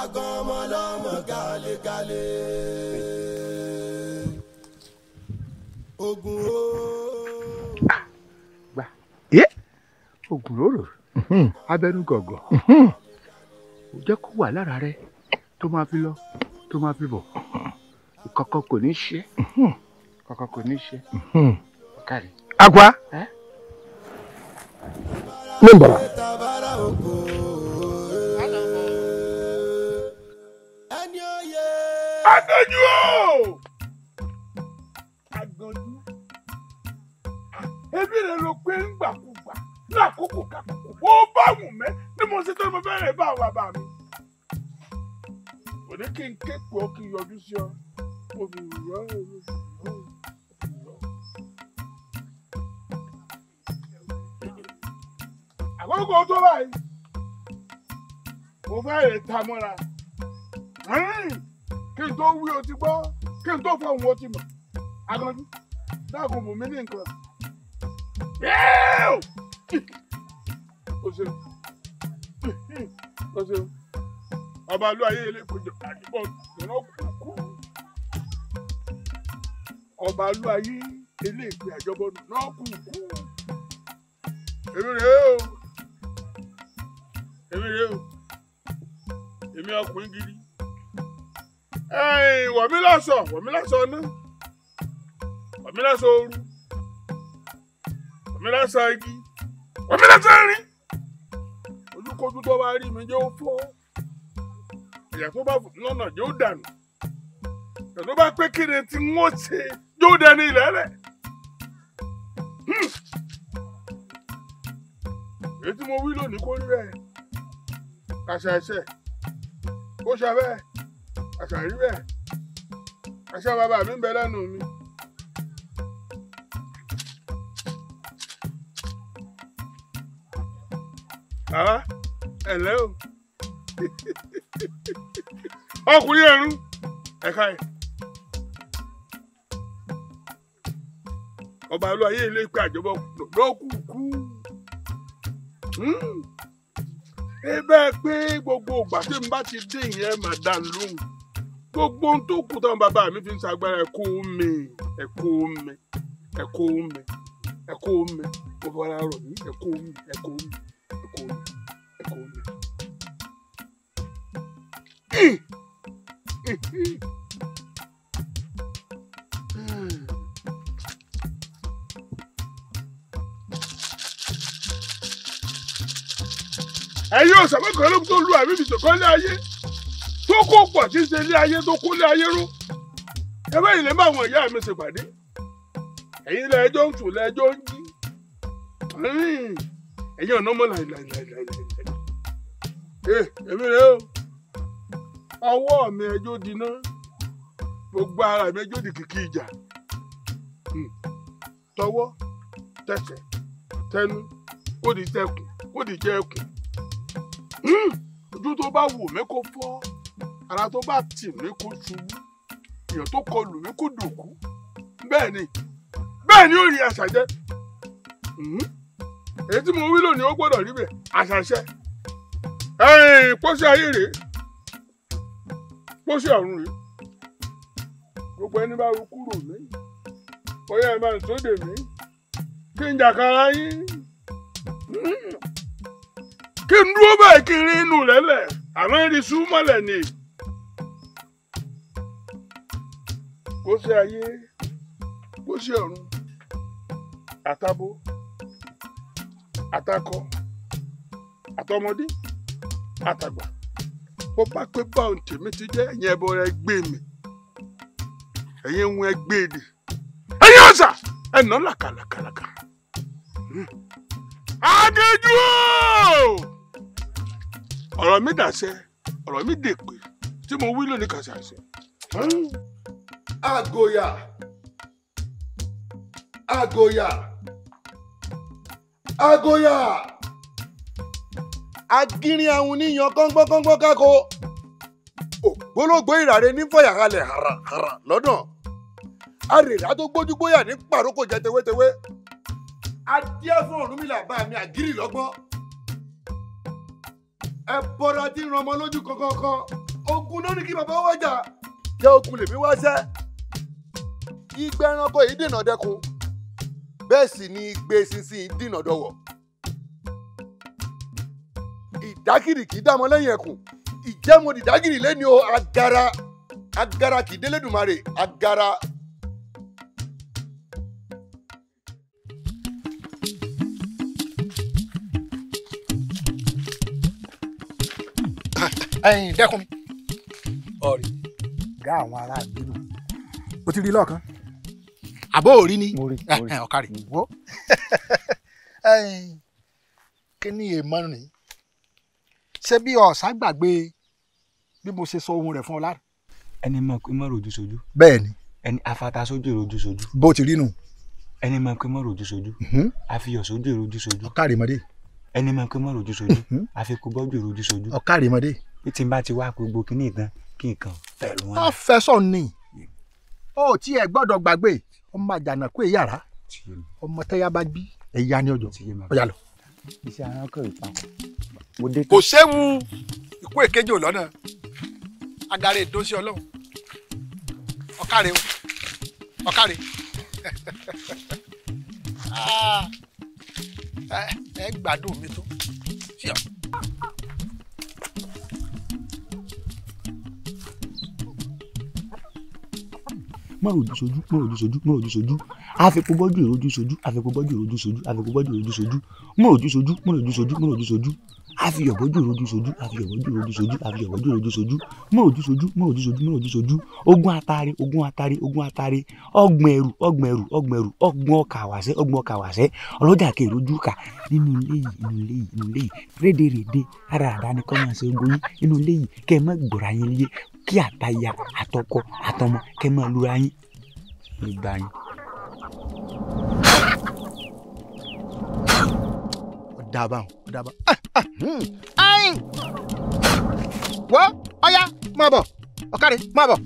agan ọmọ lọmọ gàlégàlé ogun o. Ah, gbà yé ogun lóró. Mm-hmm. abẹnú gọ̀gọ̀ mm-hmm. jẹ́ kó wà lára rẹ tó máa fi lọ tó máa fi bọ̀ mm-hmm. kankan kò ní ṣe kankan kò ní ṣe. agwa ní n bọ̀rọ̀. agbẹ̀jú o agbẹ̀jú ebi rẹ ló pé ń gbàkúgbà lákòókò kàkó kó bá wù mẹ́ ni mo ṣe tó mo fẹ́rẹ̀ bá àwọn bàbá mi. òní kí n ké pé ọ kí n yọjú sí ọ olùrọ̀ olùrọ̀. àkókò tó báyìí mo fẹ́rẹ̀ ta mọ́ra kí n tó wí o gbọ́ kí n tó fọ̀hún o mọ̀ aganjú dáàbò bò ní nǹkan. Yeah! o ṣeun o ṣeun ọba lu ayé ilé kojọ àdìbò ìran kúkú ọba lu ayé ilé ìpè àjọbọ náà kúkú èmi rèé o èmi rèé o èmi ọkùnrin gidi wọ̀mí lọ́sọ̀ wọ̀mí lọ́sọ̀ ná wọ̀mí lọ́sọ̀ ooru wọ̀mí lọ́sọ̀ igi wọ̀mí lọ́sọ̀ erin kójú tó bá rí mi jẹ́ ó fọ́ tó bá lọ́nà jẹ́ dànù ìyà tó bá pé kéde tí wọ́n ṣe jẹ́ ó dẹni ìlẹ́lẹ̀ hmm. èyí tí mo wí lónìí kó rí bẹ́ẹ̀ àṣà ẹ̀ṣẹ̀ ó ṣe bẹ́ẹ̀ àṣà rí bẹ́ẹ̀ àṣà bàbá mi ń bẹ lẹ́nu mi. Bàbá. Uh -huh. Hello. ọkùnrin ẹ̀rú ẹ̀ka ọba olú ayé ilé pé àjọbọ ẹ bẹ́ẹ̀ gbogbo ìgbà tí n ti dé ìyẹn máa dá gbogbo n to kù táwọn baba mi fi n sagbara ẹ kó mi ẹ mi mi mi gbogbo ara rọ mí ẹ kó come. ẹ̀yin ọ̀sẹ̀ mẹ́kànlá ló tó lu àmì ìṣòkan lé ayé tó kó pọ̀ tí ń ṣe lé ayé tó kó lé ayé ró ẹgbẹ́ yìí lè má àwọn mi ṣèpàdé ẹ̀yin lẹ́ẹ̀jọ́ ń sùn lẹ́ẹ̀jọ́ ń jí ẹ̀yin ọ̀nà ọmọ làìlàìlàìlà. Eh, èmìrè o ọwọ́ mi ẹjọ́ gbogbo ara mi ẹjọ́ di kìkì hmm. tẹnu ó di tẹkùn ó di jẹ ẹkùn hmm. ojú tó bá wò mí kó fọ́ ara tó bá tì mí kó ṣubú èèyàn tó kọlù mí kó dòkú bẹ́ẹ̀ ni bẹ́ẹ̀ hmm. mo wí lónìí ó gbọ́dọ̀ rí ẹ̀yìn pósí ayé rèé pósí ọ̀run rèé gbogbo ẹni bá ru kúrò mí bóyá ẹ máa sóde mí kí n jàkàrà yín kí n dúró báyìí kí n rí inú rẹ lẹ̀ àmọ́ rí súnmọ́lẹ̀ ni pósí ayé pósí ọ̀run àtàbó àtakọ àtọmọdé. àtàgbà bó bá pé báwọn tèmi ti jẹ́ ẹ̀yin ẹbọ rẹ gbé mi ẹ̀yin ń gbé èdè ẹ̀yin ọ̀sà ẹ̀nà làkàlàkàlàkà. Aginjù o! Ọ̀rọ̀ mi dàṣẹ, ọ̀rọ̀ mi dèpè tí mo wí lónìí kàṣà ṣe. Àgòyà Àgòyà Àgòyà. agirin ahun níyan kọ́ngbọ́nkọ́ngbọ́n kákó ògbólógbó ìràre ní fọyàkalẹ̀ hàràhàràn lọ́dàn àrèrà tó gbójúgbóyà ní pàrókò jẹ tewétewé adíẹ fún Ọ̀rúnmìlà bá mi àgírì lọ́gbọ́n ẹ bọra tí ń ran ọmọ lójú kankankan ogun ló ní kí bàbá wájà jẹ ogun lèmi wá sẹ igbe ẹranko yìí dènà dẹkun bẹ́ẹ̀ sì ni igbe sísìn dènà dọwọ. dìdágìrì kì í dàmọ́ lẹ́yìn ẹ̀kùn ìjẹ́ mo dìdágìrì lẹ́ni o agara agara kì í délédùmarè agara. ẹyin dẹ́kun mi. ọ̀rẹ́ ga àwọn ará ìlú o ti rí lọ́ọ̀kan. àbó òrí ni ọ̀kàrí. ẹyin kí ni èèmọ̀ nìyí ṣé bí ọ̀sán gbàgbé bí mo ṣe sọ ohun rẹ̀ fún ọ lára. ẹni mọ̀ pé mọ̀ rojú sojú. bẹ́ẹ̀ni. ẹni afata sójú rojú sojú. bó ti rí nù. ẹni mọ̀ pé mọ̀ rojú sojú. àfihàn mhm. sójú rojú sojú. ọ̀kàrìmọ́dé. ẹni mọ̀ pé mọ̀ rojú sojú. àfikún mhm. bọ́jú rojú sojú. ọ̀kàrìmọ́dé. bí tí n bá ti wá gbogbo kíní ìtàn kí nǹkan fẹ̀rù wọn. ọ fẹsọ̀ ni ó ti ẹ̀ gbọ́dọ̀ gbàgbé ọmọ àjànàkú ìyàrá ọmọ tẹ́yà bá bí ẹ̀yà ní ọjọ́ ọjà lọ. iṣẹ́ arákùnrin papọ̀ kò séwu ikú èkejì ò lọ́nà agare ìdósí ọlọ́run ọ̀kàrẹ́ o ọ̀kàrẹ́ [laughs] ah. ẹ gbádùn mi tó sí ọ. mọ̀rọ̀ ojú sojú mọ̀rọ̀ ojú sojú mọ̀rọ̀ ojú sojú àfikún bọ́jú ìrojú sojú àfikún bọ́jú ìrojú sojú àfikún bọ́jú ìrojú sojú mọ̀rọ̀ ojú sojú mọ̀rọ̀ ojú sojú mọ̀rọ̀ ojú sojú àfi yọ̀bọ́jú rojú sojú àfi yọ̀bọ́jú rojú sojú àfi yọ̀bọ́jú rojú sojú mọ́ ojú sojú mọ́ ojú sojú mọ́ ojú sojú ogún Atari ogún Atari ogún atare ọgbọ̀n ẹrù ọgbọ̀n ẹrù ọgbọ̀n ẹrù ọgbọ̀n ọkà wàṣẹ́ ọgbọ̀n ọkà wàṣẹ́ ọlọ́jà kèrè ojú kà nínú ilé yìí nínú ilé yìí nínú ilé yìí rédè rédè ara àdáni kọ́ máa nínú ilé yìí kẹ́ ẹ má gbòòrò ayé lé kí àtàyà àtọkọ àtọmọ kẹ́ ẹ má lura yín ló gbà yín. dábàá o dábàá. ayin ah, ah, hmm. wọ ọya máa bọ̀ ọ̀kadì máa bọ̀.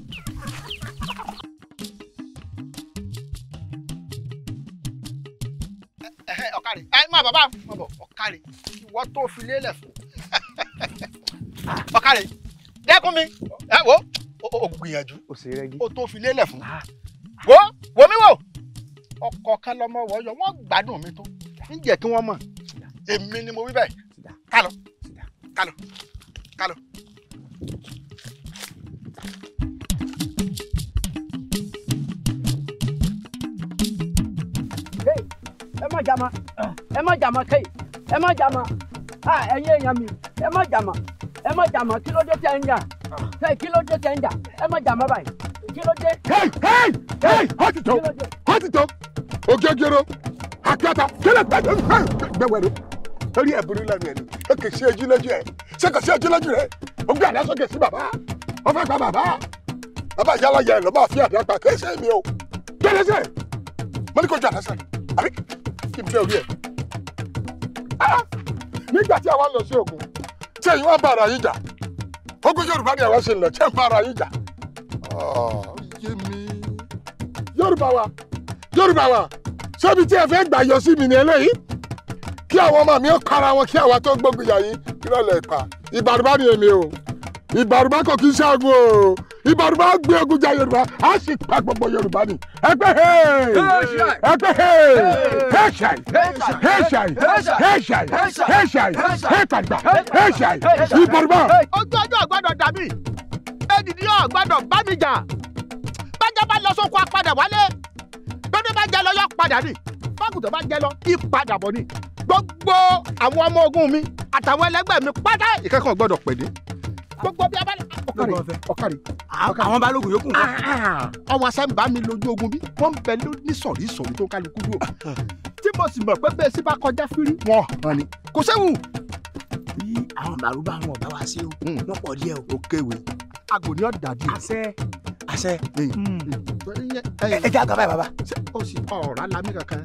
Eh, ọ̀kadì ẹ máa bọ̀ bá máa bọ̀ ọ̀kadì ìwọ tó fi lélẹ̀ fún ọ̀kadì dẹ́kun mi ẹ eh, wo o gbìyànjú o tó fi lélẹ̀ fún ah. wo wo mi wo ọkọ̀ kan lọ́mọ wọ̀ yọ wọ́n gbádùn mi tó ń jẹ́ kí wọ́n mọ̀ èmi ni mo wí bẹ́ẹ̀ ká lọ ká lọ ká lọ. ẹ má jà má ẹ má jà má kéyì ẹ má jà má ẹ̀yin èèyàn mi ẹ má jà má ẹ má jà má kí ló dé tẹ́ ń jà kí ló dé tẹ́ ń jà ẹ má jà má báyìí kí ló dé. kéyì kéyì kéyì ó tó ó ti tó ògègèrò àti ọ̀tá kí ló torí ẹ̀ burú lẹ́nu ẹ̀ ni ó kì í ṣe ojú lójú ẹ̀ ṣé kò sí ojú lójú rẹ̀ ó gbé àdá sókè sí bàbá ó fẹ́ pa bàbá bàbá ìyálà yẹ ló máa fi àdá pa kì í ṣe mi o tó lè ṣe mo ní kó ju àdá sẹ́ni àbí kí n fẹ́ orí ẹ̀. Ah! nígbà tí àwa lọ sí ogun tí èyí wọn bá ara yín jà ogun Yorùbá ni àwa ṣe lọ tí ẹ̀ ń bá ara yín jà. Oh, yé mi Yorùbá wa Yorùbá wa ṣé ibi tí ẹ fẹ́ gbà yọ sí mi ni eléyìí kí àwọn ọmọ mi ó kára wọn kí àwa tó gbógun yà yín ìrọ̀lẹ́ pa ìbàrúbá ni èmi o ìbàrúbá kò kí ń ṣaagun o ìbàrúbá gbé ogun ja yorùbá a sì pa gbogbo yorùbá ni ẹgbẹ́ hey ẹgbẹ́ hey hẹ́ṣàì hẹ́ṣàì hẹ́ṣàì hẹ́ṣàì hẹ́kàgbà hẹ́ṣàì ìbàrúbá. ojú ọjọ́ àgbàdo dàbí èdìdí àgbàdo bá mi jà bájá bá lọ sóko apàdà wálé bẹ́ẹ̀ bá jà lọ yọ padà ni tágùtàn bá jẹ lọ ìpadàbọ̀ ni gbogbo àwọn ọmọ ogun mi àtàwọn ẹlẹgbẹ́ mi pátá ìkẹ́kọ̀ọ́ gbọ́dọ̀ pèdé gbogbo bí abali ọkàrí ọkàrí. àwọn balógun yòókù nǹkan. Ah, ọwọ́ asẹ́ ń bá mi lójú ogun bí wọ́n ń bẹ ní sọ̀rí sọ̀rí tó kálukú dúró tí mo sì mọ̀ pé bẹ́ẹ̀ sí bá kọjá fírí wọn hàn ni kò séwu àbí àwọn màrúbà àwọn ọba wa sí o hmm. wọn pọ̀ díẹ̀ o. ó kéwé aago ni ó dàdí. àṣẹ àṣẹ. Hmm. ẹ jẹ́ àgàbà yìí bàbá. ó sì ọ̀rá lami kankan.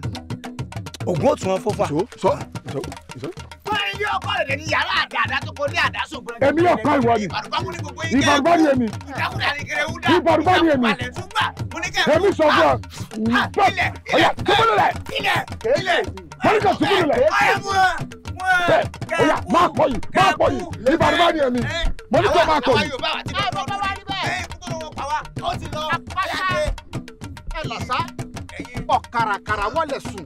ògùn ó tún wọn fún sọ sọ sọ ní ọkọ rẹ ní yàrá àdáadá tó kọ ní àdásó èmi ọkọ ìwọ ni ìbàrúbá ni èmi ìbàrúbá ni èmi èmi sọ fún ọ nípa ọyà túbúlù rẹ mọ́nìkà túbúlù rẹ tẹ oya máa kọ yìí máa kọ yìí ìbàdàn bá ní ẹ̀mí mo ní kó máa kọ yìí. ẹ làṣà ọ̀kàràkàrà wọlé sùn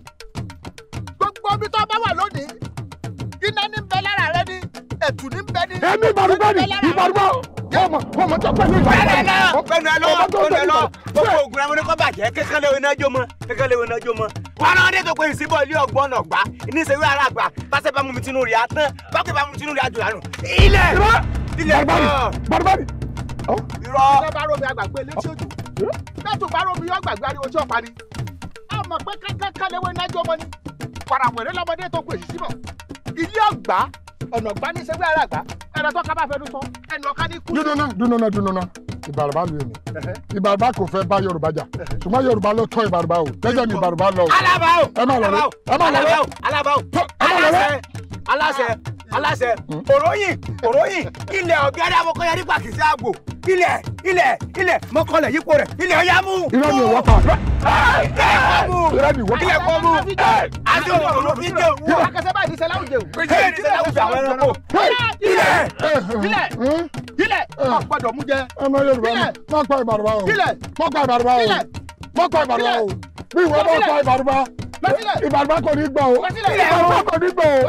gbogbo omi tó bá wà lónìí iná ní bẹ lára rẹ ẹ̀tù ní bẹ́ẹ̀ ni. èmi ìbàdúgbò ni ìbàdúgbò ọmọ ọmọ tó pẹ̀lú ìbàdúgbò. bẹ́ẹ̀ náà bẹ́ẹ̀ náà lọ bẹ́ẹ̀ lọ gbogbo ògùn àwọn oníkọ́ bàjẹ́ kékeré wọn náà jó mọ́ kékeré wọn náà jó mọ́. wọn náà dé tó pé ìsìnbọ̀ ilé ọgbọ́n náà gbá ní ìṣèwé ara àgbà pàṣẹ bá mumi tinú rẹ̀ á tán bákẹ́ bá mumi tinú rẹ̀ á jù lánàá. ilẹ̀ ilẹ̀ bọ̀rọ̀bọ̀rì. irọ́ ilé ọgbà ọ̀nà gbanisẹ́wé àràgbá ẹ̀rọ tó kábàá fẹ́ẹ́ sọ ẹnu ọ̀ká ní kú. dúnúná dúnúná dúnúná ìbàrùbá lu èmi ìbàrùbá kò fẹ́ bá yorùbá jà ṣùgbọ́n yorùbá ló tọ́ ìbàrùbá o jẹ́jẹ́ ni ìbàrùbá lọ. alaba o alaba o alaba o alaba o aláṣẹ aláṣẹ aláṣẹ òróyìn òróyìn ilẹ̀ ọ̀gẹ́rẹ́ amọ̀kọ́yà nípa kìsí àgbò ilẹ̀ ilẹ̀ ilẹ̀ mọ́kànlẹ̀ yípo rẹ̀ ilẹ̀ ọ̀yá mú. irọ́ mi wọ́pà irọ́ mi wọ́pà ilẹ̀ kọ́ mú àti òun òun fi jẹ́ òun. akẹ́sẹ́ báyìí ṣe láwùjẹ o. ṣé ìdílé láwùjẹ àwọn ẹranko. ilẹ̀ ilẹ̀ ilẹ̀ ọ̀gbọ́dọ̀ mú jẹ. ọmọ Yorùbá mi mọ́kọ́ ìbàdàn o mọ́kọ́ ìbàdàn o mọ́kọ́ ìbàdàn o bí ìwọ ìbàdàn kò ní gbà o ìbàdàn kò ní gbà o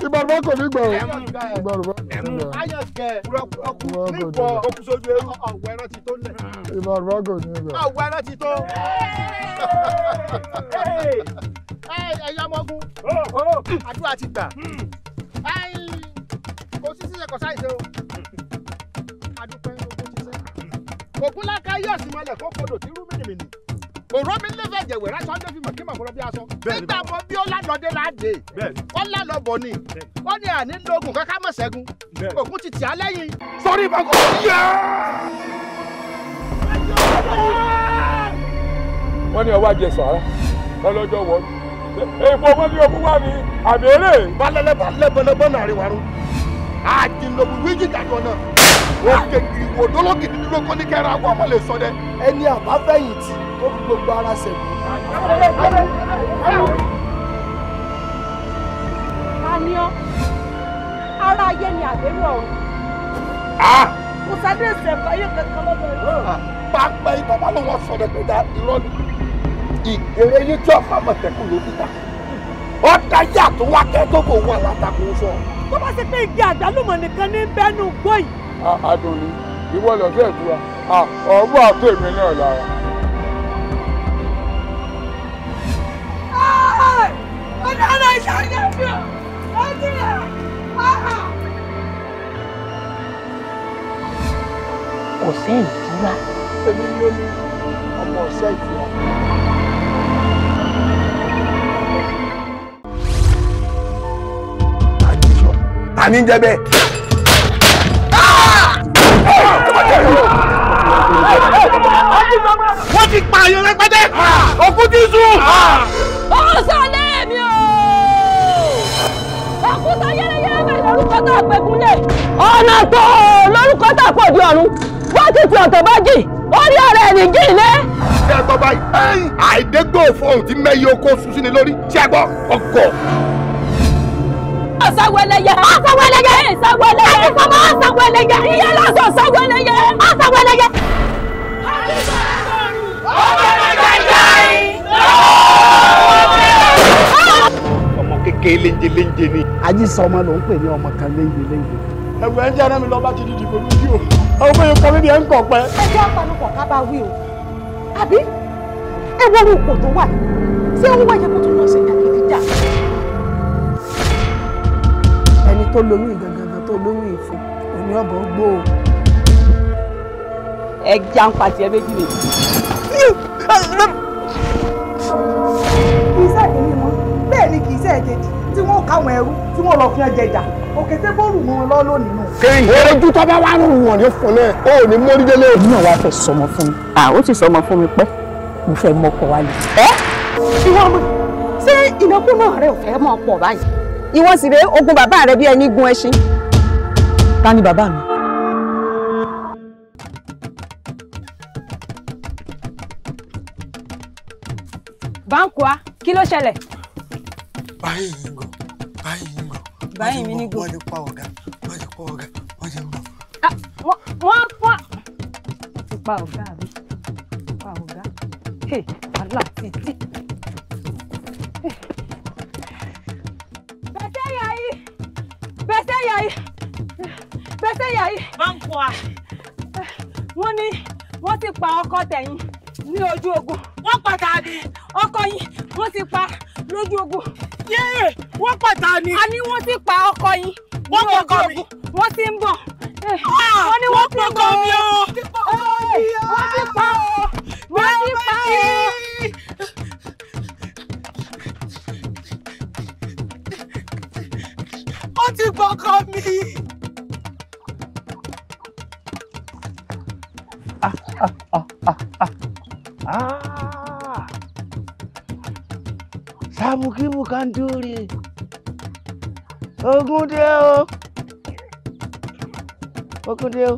ìbàdàn kò ní gbà o ìbàdàn kò ní gbà ẹyọ ọmọgun àdúrà ti gbà kò sí sísè kò sáìsè o adúpẹ́ ogun ti sẹ́ ògúnlákà yóò sì mọlẹ̀ kó kodò tí rú òró mi lè fẹ́ jẹ̀wé rásán lè fi mọ̀ kí màmúrọ̀ bí aṣọ. nígbà mọ bí ó lálọ́dé láde ó lálọ́bọ̀ ni ó ní àní lóògùn kankan mọ̀ ṣẹ́gun òkú ti tì á lẹ́yìn. sọ́rí ìbákan yẹ. wọ́n ní ọwọ́ àjẹsọ̀ ara ọlọ́jọ́ wọ̀lú èèpo wọn ní okú wà ní àbẹ̀rẹ̀. balẹ̀lẹ̀ balẹ̀ bọ̀lẹ̀ bọ̀nà àríwárú àjìnlógún wíjì dàjọ náà òkè ìwòdó lókè nínú lóko ní kẹra kó ọmọ lè sọdẹ. ẹni àbáfẹ̀yìntì tó fi gbogbo ara ṣẹ̀kú. àníọ́ ara ayé ni àbẹ̀rù ọ̀run. kò sáré ìṣẹ̀kọ̀ ayé kankan lọ́dọ̀ rẹ̀. pápá ìtọ́ bá lóun sọ̀rọ̀ tó dá irọ́ ìgbèrè yín tí ọ̀fà mọ̀tẹ́kùn ló dìgbà ọ̀tá yàtọ̀ wákẹ́ tó kò wọ́n alátakò sọ. tó bá ṣe pé igi àgbálùmọ̀ nìkan ní bẹ́nu gbọ́ adùn ni ìwọ lọ́sẹ̀ ìtura ọ̀bọ̀ àti èmi náà lára. ọ̀dọ́dọ̀ ìṣàjẹ́ mi ò ọdún rẹ̀ ọ̀sẹ̀ ìtura. èmi ló ní ọmọ ọ̀sẹ̀ ìtura. ta ni jẹ́ bẹ́ẹ̀. wọ́n ti pààyàn rẹpẹtẹ òkú ti sùn. ó sọ lẹ́ẹ̀mí o òkúta yẹ́lẹ́yẹ́lẹ́ bẹ̀rẹ̀ lórúkọ tá a pẹ̀kún lẹ̀. ọ̀nà tó lórúkọ tá a pọ̀ di ọ̀run wọ́n ti fi ọ̀tọ̀ bá jì orí ọ̀rẹ́ ẹ̀ nìjí ilé. ṣé ẹ gbọ́ báyìí àìdégbò fóun ti mẹ́yìí oko oṣù ni lórí ṣé ẹ gbọ́ ọkọ̀. ọ̀sánwó-ẹlẹ́yẹ. ọ̀sánwó-ẹlẹ́yẹ. ìsánwó-ẹlẹ́yẹ. àti fọmọ ọ̀sánwó-ẹlẹ́yẹ. ìyá lọ́sọ̀ ọ̀sánwó-ẹlẹ́yẹ. ọ̀sánwó-ẹlẹ́yẹ ọmọ kékeré léńjé léńjé ni. ajísọ ọmọ ló ń pè ní ọmọ kan léńjé léńjé. ẹ̀wù ẹ̀ ń jẹ́ arámi lọ́ba ti dìdì pẹ̀lú bí o àwọn ọmọ yẹn kọ́ mi bí ẹ̀ ń kọ̀ pẹ́. ẹ jẹ́ àpanupọ̀ ká bá wí o àbí ẹ wọ́n rú ipò tó wà ṣé ó wáyé kó tún lọ sí jàgídíjà. ẹni tó lóyún gangan tó lóyún ìfún òní ọ̀bọ̀ gbòó ẹ já ń pa tiẹ̀ méjì méjì. kì í sẹ́ẹ̀dì ni mo bẹ́ẹ̀ ni kì í sẹ́ẹ̀dì tí wọ́n káwọn ẹrú tí wọ́n lọ fi ọjà ìjà òkété bóòlù mọ́ wọn lọ́ọ́ lónìí náà. kéyìn ojú tó bá wà lóhùn wọn ní fún ẹ o ò ní mórí délé òun náà wàá fẹ́ sọmọ fún mi. à ó ti sọmọ fún mi pẹ́ mo fẹ́ mọ́kọ wálé. ẹ ìwọ ọmọ ṣé ìnákúnà rẹ ò fẹ́ mọ́ pọ̀ báyìí. ìwọ sì rèé ogun bàbá rẹ bí ẹni gun ẹṣin. ta ni bàbá mi. Fankwa kí ló ṣẹlẹ̀. báyìí ń gò báyìí ń gò báyìí mi ní gò wọ́n ti pa ọ̀gá wọ́n ti pa ọ̀gá wọ́n ti mọ̀. wọ́n wọ́n ti pa ọ̀gá mi pa ọ̀gá wàhálà títí. bẹ́sẹ̀ yàyí bẹ́sẹ̀ yàyí bẹ́sẹ̀ yàyí. Fankwa. wọ́n ní wọ́n ti pa ọkọ tẹ̀yìn ní ojú ogun wọ́n pàtà ni ọkọ yín wọ́n ti pa lójú ogun. yéè wọ́n pàtà ni. a ní wọ́n ti pa ọkọ yín ní ojú ogun wọ́n ti ń bọ̀. Eh, ah, wọ́n ní wọ́n ti ń bọ̀ wọ́n ti pa ọ́ wọ́n ti pa ọ́ wọ́n ti pa ọ́. ó ti gbọ́kọ mi. Ah, ah, ah, ah, ah. Ah, Sabukibu Kanturi. Ogun dé o. Ogun dé o.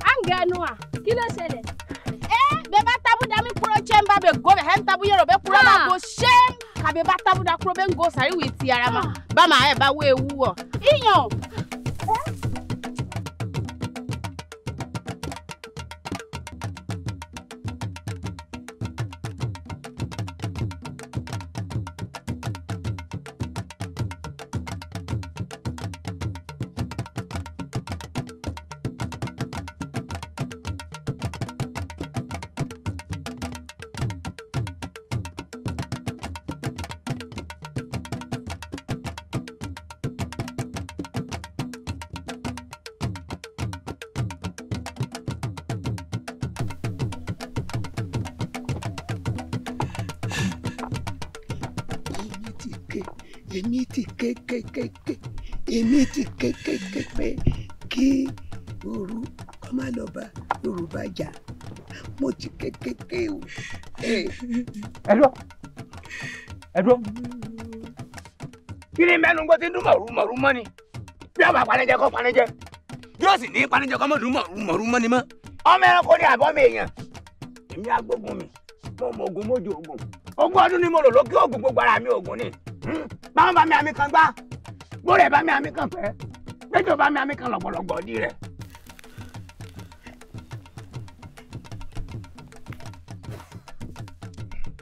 Angenu a, kí ló ṣẹlẹ̀? Eh, bẹ́ẹ̀ bá tabuda mi kúrò chamber be go be hem tabu yero be kúrò ma ah. go shame. Ka be bá tabuda kúrò be go sari wi ti ara ma. Ah. Ba ma e ba wo ewu o. Iyan. èmi ti ké ké ké ké èmi ti ké ké ké pé kí òru kọ́ má lọ bá yorùbá jà mo ti ké ké ké o. ẹ lọ ẹ dúró kí ni mẹ́nu gbọ́ tí dún mọ̀rú mọ̀rú mọ́ ni bí ọba panijẹ kọ́ panijẹ yóò sì ní panijẹ kọ́ mọ̀ dún mọ̀rú mọ̀rú mọ́ ni mọ́ ọmọ ẹranko ni àbọ̀ mi èèyàn èmi agbógun mi mo mọ ogun mójú ogun ogún ọdún ni mo lò lókè ogun gbogbo ara mi ogun ni báwọn bá mi àmì kan gbá bóòrè bá mi àmì kan fẹ́ péjọ bá mi àmì kan lọ̀gbọ̀lọ̀gbọ̀ ní rẹ̀.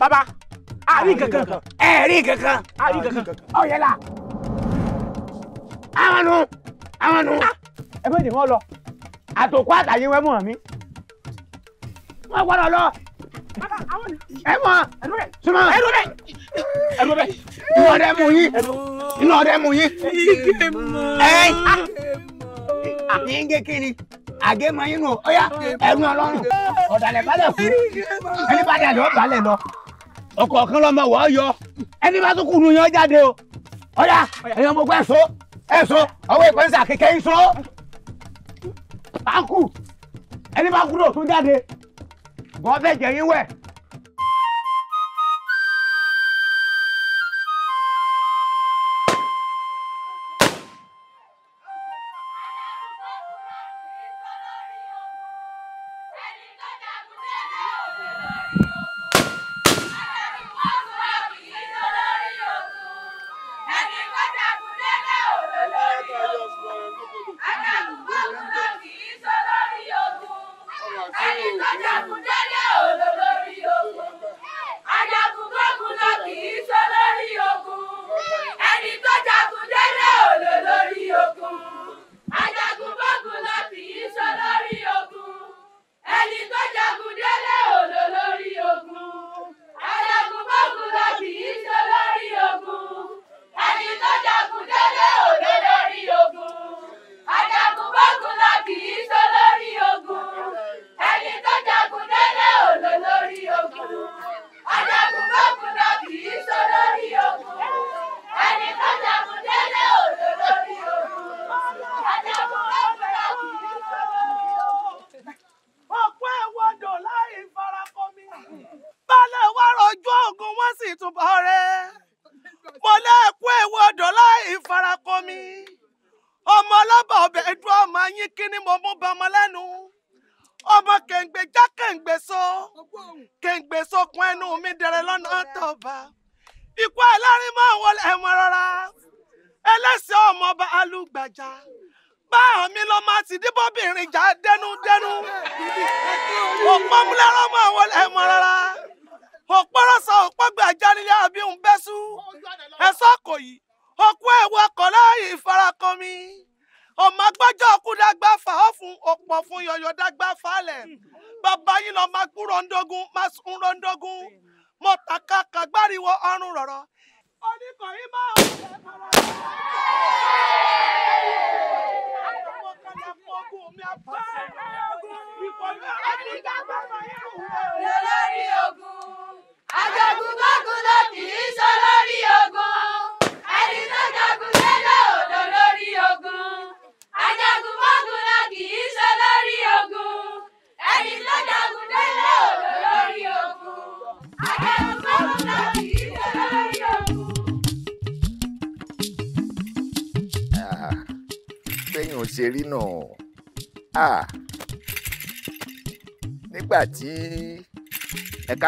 bàbá a rí kankan ẹ rí kankan a rí kankan ọ yẹ la àwọn nu àwọn nu. Ah! ẹ bẹ́ẹ̀ ni wọ́n lọ àtòkọ́ àtàyẹ̀wẹ́ mọ̀ mí wọ́n gbọ́dọ̀ lọ ẹ mọ lọ ọ̀kọ̀ọ̀kan wọ yọ ẹni bá tún kù nù yín jáde o ọyà ẹyọ mo gbẹ so ẹ so ìpẹnsà kékeré so bá ẹni bá kúrò tó jáde. 我再讲一为。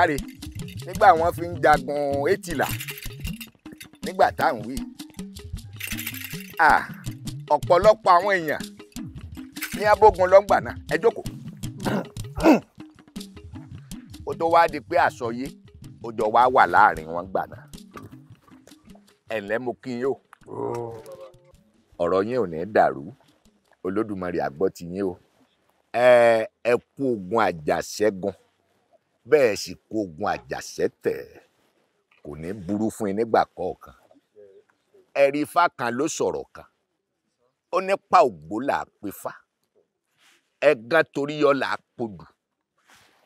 àwàkáre nígbà wọ́n fi ń jagun ètìlá nígbà táwọn wí ọ̀pọ̀lọpọ̀ àwọn èèyàn ní abógun lọ́ngbà náà ẹ jókòó ó tó wá di pé àsọyé òjò wa wà láàrin wọn gbà náà ẹ ǹlẹ́ mo kí yín o ọ̀rọ̀ yín ò ní dàrú olódùmarè àgbọ̀ ti yín o ẹ ẹ kú ogun àjàṣẹ́gun bẹ́ẹ̀ sì kó ogun àjàṣẹ́tẹ̀ kò ní burú fún yín nígbà kọ̀ọ̀kan ẹ̀rí ifá kan ló sọ̀rọ̀ kan ó nípa ògbó là á pe fá ẹ̀gán torí yọ là á podù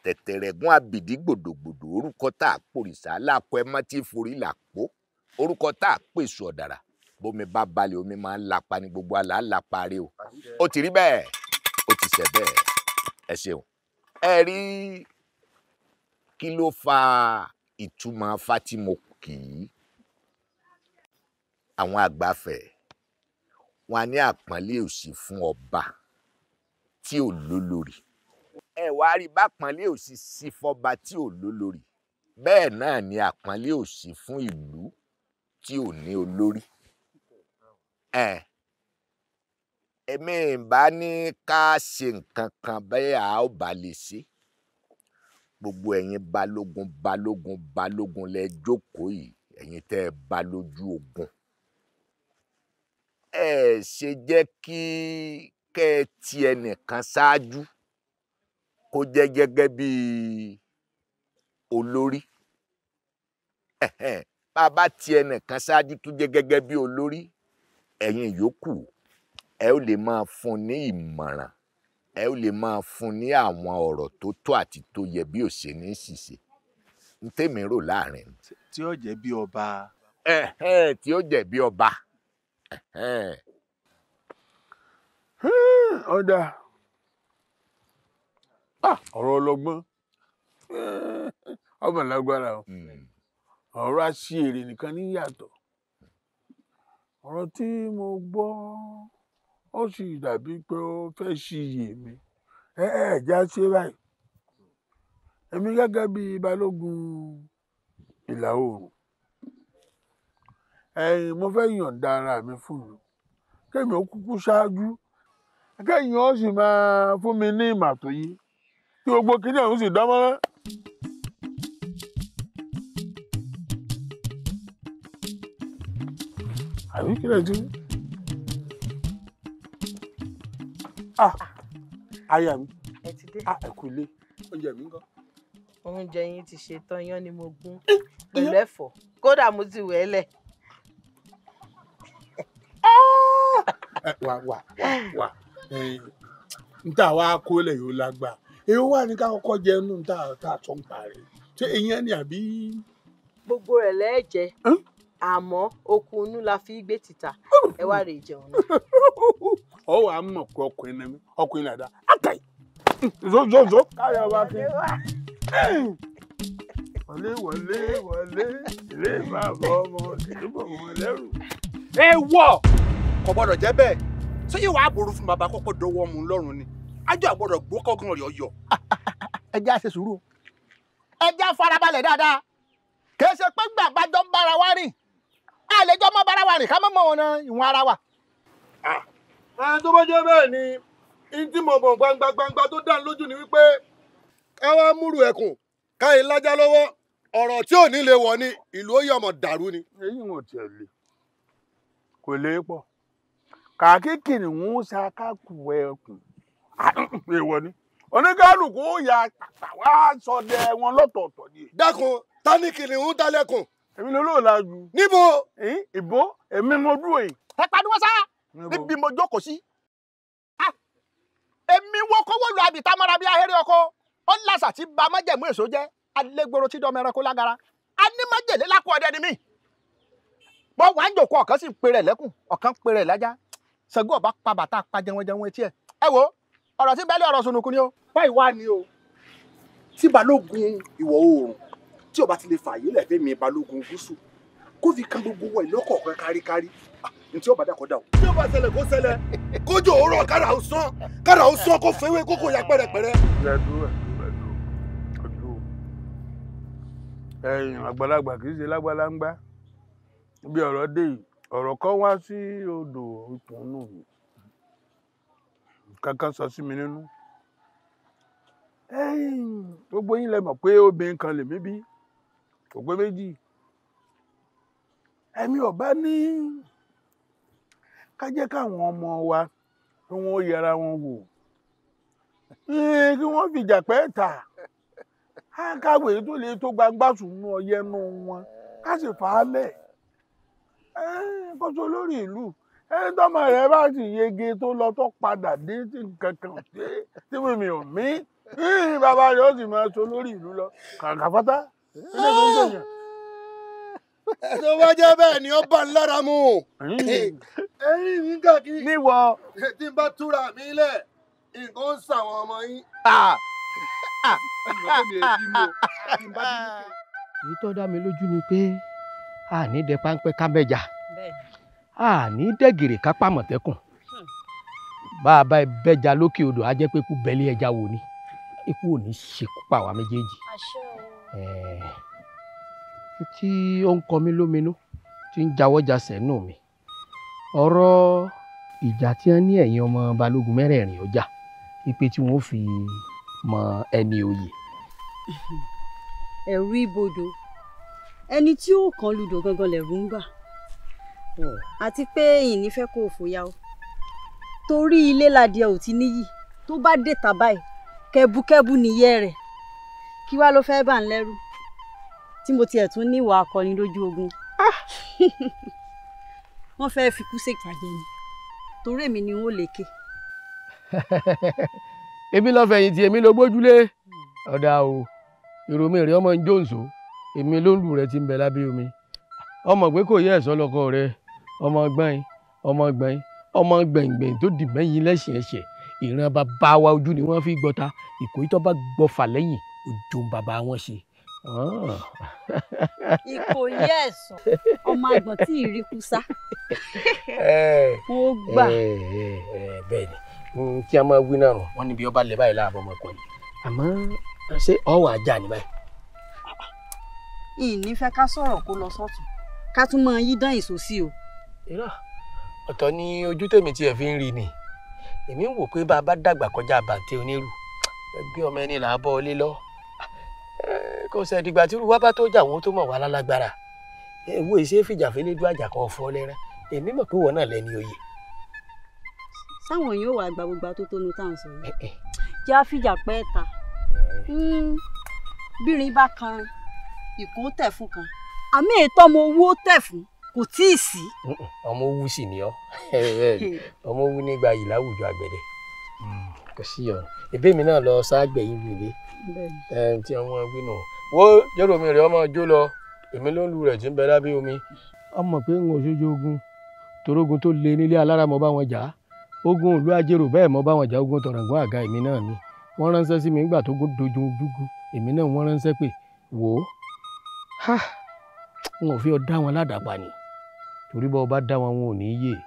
tẹ̀tẹ̀rẹ̀gún abìdí gbòdògbòdò orúkọ tá a pòrìṣà láàkọ ẹ má ti forí là pò orúkọ tá a pèsè ọ̀dàrà bómi bá balẹ̀ omi máa ń lapa ní gbogbo àlá lapa rí o ó ti rí bẹ́ẹ̀ ó ti ṣe bẹ́ẹ̀ ẹ ṣeun ẹ kí ló fa ìtumọ̀ fátìmọ̀kì àwọn àgbàfẹ́ wọn ní àpọ́nlé ò sí fún ọba tí ò lólórí ẹ wá rí bápọ́nlé ò sí sí fọba tí ò lólórí bẹ́ẹ̀ náà ni àpọ́nlé ò sí fún ìlú tí ò ní olórí ẹ èmi ìbá ní ká ṣe nǹkan kan bẹ́ẹ̀ a ó bá lè ṣe gbogbo ẹ̀yin balógun balógun balógun lẹ jókòó yìí ẹ̀yin tẹ́ ẹ bá lójú ogun ẹ ṣe jẹ́ kí kẹ́ ẹ ti ẹnìkan ṣáájú kó jẹ́ gẹ́gẹ́ bí olórí bá a bá ti ẹnìkan ṣáájú tó jẹ́ gẹ́gẹ́ bí olórí ẹ̀yin yòókù ẹ ó lè máa fún un ní ìmọ̀ràn ẹ ó lè máa fún ní àwọn ọ̀rọ̀ tó tó àti tó yẹ bí ò ṣe ní ṣìṣe ń tèmi rò láàrin. tí ó jẹ́ bí ọba. tí ó jẹ́ bí ọba. ọ̀dà ah, ọ̀rọ̀ ọlọ́gbọ́n ọmọ lágbára o hmm. ọ̀rọ̀ àṣírí nìkan níyàtọ̀ ọrọ tí mo gbọ. Bo ó sì dàbí pé ó fẹ́ ṣiyè mi ẹ ẹ já ṣe báyìí èmi gẹ́gẹ́ bí balógun ìlà oòrùn ẹ̀yin mo fẹ́ yọ̀ǹda ara mi fún mi kémi ó kúkú ṣáájú kéyìn ó sì máa fún mi ní ìmà tó yí kí gbogbo kíní ọ̀hún sì dánmọ́rán. àbí kílẹ̀ tí. Ah, ah. aya mi ah, ẹ kú ilé oúnjẹ mi ń kọ́. oúnjẹ yín ti ṣe tán yán ni mo gún pẹ̀lú eh, ẹ̀fọ́ kódà mo ti wẹ̀ ẹ́ lẹ̀. [laughs] Eh, wà wà wà eh, n ta wa kó lẹ̀ yóò lágbà èyí wà ní ká jẹ inú ta ta tó ń parí ṣé ìyẹn ni àbí. gbogbo rẹ̀ lẹ́ẹ̀jẹ̀ hm? àmọ́ okùn inú la fi gbé títà oh. ẹ wá rè jẹun náà. [laughs] ọ wà á mọ̀ pé ọkùnrin ni mí ọkùnrin nàdá àkàì zozozo káyà wá kí. wọlé wọlé wọlé ilé ìbáàbọ̀ ọmọ ìdúgbò wọn lẹ́rù. ẹ wọ kò gbọ́dọ̀ jẹ́ bẹ́ẹ̀ ṣé yóò wá burú fún bàbá kọ́kọ́ dọ́wọ́ mu lọ́rùn ni ájọ àgbọ́dọ̀ gbó kọgùn rẹ ọyọ. ẹ jẹ́ àṣẹ sùúrù ẹ jẹ́ àfarabalẹ̀ dáadáa kì í ṣe pé gbàgbà ń bára wa rìn àlejò ọmọ bára wa rìn ká mọ́ mọ́ wọn ìwọ̀n ara wa ẹ tó bá jẹ́ bẹ́ẹ̀ ni ntí mo mọ̀ gbangba gbangba tó dá lójú ni wípé ká wá múrù ẹkùn ká lájá lọ́wọ́ ọ̀rọ̀ tí ò ní lè wọ̀ ni ìlú ó yọmọ dàrú ni. èyí wọn tiẹ̀ lè kò lè pọ̀ kàkíkì ni wọ́n ṣe akákù ẹkùn èèwọ̀ ni oníkálukú ya wá sọdẹ wọn lọ́tọ̀ọ̀tọ̀ ni. dákun táníkì ni ń talẹ̀kùn. èmi ló lóò lajú. níbo. ìbò èmi mo dúró yìí. ẹ pariwo sáà níbi mo jókòó sí. Ah! èmi wo kówó lu àbí tamara bíi ahéré ọkọ ọlásà tí ba májẹ̀mú èso jẹ alégboro tí dọmọ ẹranko lágara a ní májèlé lákọ ọdẹ ni mí bọ wàá jòkó ọkàn sì pèrè lẹkùn ọkàn pèrè lájà Ṣàngó ọba pa bàtà pa jẹunjẹun etí ẹ ẹ wo ọ̀rọ̀ tí bẹẹlí ọ̀rọ̀ sunukun ni o. báyìí wá ni o tí balógun ìwọ̀ oòrùn tí ọba ti lè fààyè lẹfẹ mi balógun gúúsù kó fi kan gbogbo wọ ìlọkọ káríkárí ntí ọba dà kọ o. tí ọba ṣẹlẹ̀ ko ṣẹlẹ̀ kójú òórọ̀ kára ó sán kára ó sán kó kókó ya pẹrẹpẹrẹ ẹ̀yin àgbàlagbà kì í ṣe lágbàlá bí ọ̀rọ̀ dé yìí wá sí odò ìpọnú mi kankan sọ sí mi nínú gbogbo yín lẹ pé obìnrin kan lèmi bí kò ká jẹ́ káwọn ọmọ wa kí wọ́n yẹra wọn wò kí wọ́n fìjà pẹ́ ta á kàwé tó lè tó gbangba sùnú ọyẹ nù wọn ká sì fà á lẹ̀ kóso lórí ìlú ẹni tọ́mọ rẹ̀ bá sì yege tó lọ tó padà dé tí nǹkan kan dé tí mi ò mí bàbá rẹ̀ ó sì máa so lórí ìlú lọ kàǹkà pátá ilé ìgbésẹ̀ yẹn tó bá jẹ́ bẹ́ẹ̀ ni ó bá ń lára mu. ẹ̀yin mi kàkiri. níwọ. tí n bá túra mi lẹ̀ nǹkan ń sàwọn ọmọ yín. èyí tó dá mi lójú ni pé a ní dẹ páńpẹ́ kámẹ́jà a ní dẹ́gẹ̀rẹ̀ kápá mọ̀tẹ́kùn bá a bá bẹ́ja lókè odò á jẹ́ pé kú bẹ́lí ẹja wò ni ikú ò ní ṣekú pa àwa méjèèjì. àṣẹ tí ó ń kọ mí lóminú tí ń jáwọ́ jasẹ̀ nù mí ọ̀rọ̀ ìjà tí wọ́n ní ẹ̀yìn ọmọ balógun mẹ́rẹ̀ẹ̀rin ọjà ipe tí wọ́n fi mọ ẹni oyè. ẹ̀rú ibodò ẹni tí ó kàn lùdò gangan lẹ̀rú ń bà àti pé ìní fẹ́ kó o fòyà o torí ilé ládìẹ ò ti níyì tó bá dé tàbáyé kẹbukẹbu nìyẹ rẹ kí wàá ló fẹ́ bà ń lẹ́rù tí mo tiẹ̀ tún ní ìwà akọni lójú ogun ah! [laughs] wọ́n fẹ́ fi kú ṣèpàdé ni torí èmi ni wọ́n lékè. [laughs] èmi lọ fẹ̀yìntì èmi ló gbójúlé hmm. ọ̀dà o èrò mi rẹ̀ ọmọ jòǹso èmi ló ń lù rẹ̀ ti ń bẹ lábẹ́ omi ọmọ pé kò yẹ ẹ̀sọ́ lọ́kọ rẹ̀ ọmọ gbẹ̀yìn ọmọ gbẹ̀yìn ọmọ gbẹ̀ngbẹ̀yìn tó dì mẹ́yìn lẹ́sìn ẹ̀ṣẹ̀ ìran bàbá wa ojú ni wọ́n fi gbọ́ta ìkòyí tó bá gbọ́fà lẹ́yìn ojú bàbá wọn ṣe Ìkòyí ẹ̀sùn ọmọ àgbọ̀n tí ì rí kú sá. Ó gbà. Eh, eh, eh, Bẹ́ẹ̀ni, hmm, kí a máa wí náà rùn, wọ́n níbi ọba lẹ̀ báyìí láàbọ̀ ọmọkùnrin. Àmọ́ ṣé ọwọ́ ajá ni báyìí? Ìní fẹ́ ká sọ̀rọ̀ kó lọ sọ́tún, ká tún máa yí dán ìsò sí o. Irọ́, ọ̀tọ̀ ni ojú tèmi tiẹ̀ fi ń rí ni. Èmi ń wò pé bá a bá dàgbà kọjá bàǹtẹ̀ onírù, ẹgbẹ́ ọmọ ẹni làá bọ́ ọ lé lọ́wọ́ kò sẹ̀ dìgbà tí olúwa bá tó jà wọ́n tó mọ̀ wá lálágbára ewu ìṣe fìjàfẹ́ ní dú àjà kan fọ́ lẹ́rán èmi mọ̀ pé ìwọ náà lẹ́ni oyè. sáwọn yóò wá gba gbogbo atótónu tá à ń sọ yìí já fìjà pẹ́ ta bírin bá kan ìkó tẹ̀ fún kan àmì ètò ọmọ owó tẹ̀ fún kò tí ì sí. ọmọ owó sì ni ọ ọmọ owó nígbà yìí láwùjọ àgbẹ̀dẹ hmm. kò sí ọ ìbémi náà lọ sáàgbẹ̀yìn wíwé tí àwọn wí náà wo jẹ́rọ̀mí rẹ̀ ọmọ jó lọ èmi ló ń lu rẹ̀ tí ń bẹ lábẹ́ omi. ọmọ pé ń oṣooṣo ogun torógun tó le nílé alára mo bá wọn jà ogun ìlú ajérò bẹ́ẹ̀ mo bá wọn jà ogun tọ̀rọ̀gùn àga èmi náà ni wọ́n ránṣẹ́ sí mi nígbà tó dojú dúgu èmi náà wọ́n ránṣẹ́ pé wò ó ha wọn ò fi ọ dá wọn ládàá pa ni torí bá ọ bá dá wọn wọn ò ní yé e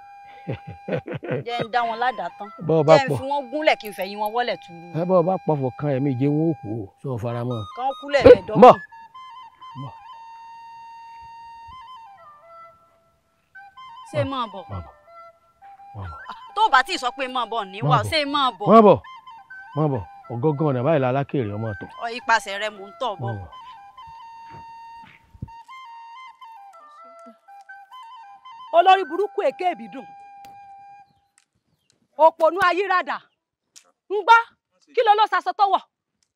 jẹ́ ń dá wọn ládàá tán jẹ́ ń fi wọ́n gúnlẹ̀ kí n fẹ̀yìn wọn wọ́lẹ̀ tu. ẹ bá ọba pọfọ kan ẹ̀mí ìjẹ wọn ò kú o sọ fara mọ́. kàn kúlẹ̀ ẹ̀dọ́gbọ̀n. mọ mọ. ṣé máa bọ̀ tó o bá tí ì sọ pé máa bọ̀ níwà ṣé máa bọ̀. máa bọ̀ máa bọ̀ ah, ọ̀gọ́gán ọ̀nà báyìí lálákèrè ọmọ tó. ipasẹ̀ rẹ mò ń tọ̀ bọ̀. olórí burúkú èké ìbídùn òpònú ayírádà ń gbọ́ kí ló ló sasọ tó wọ̀.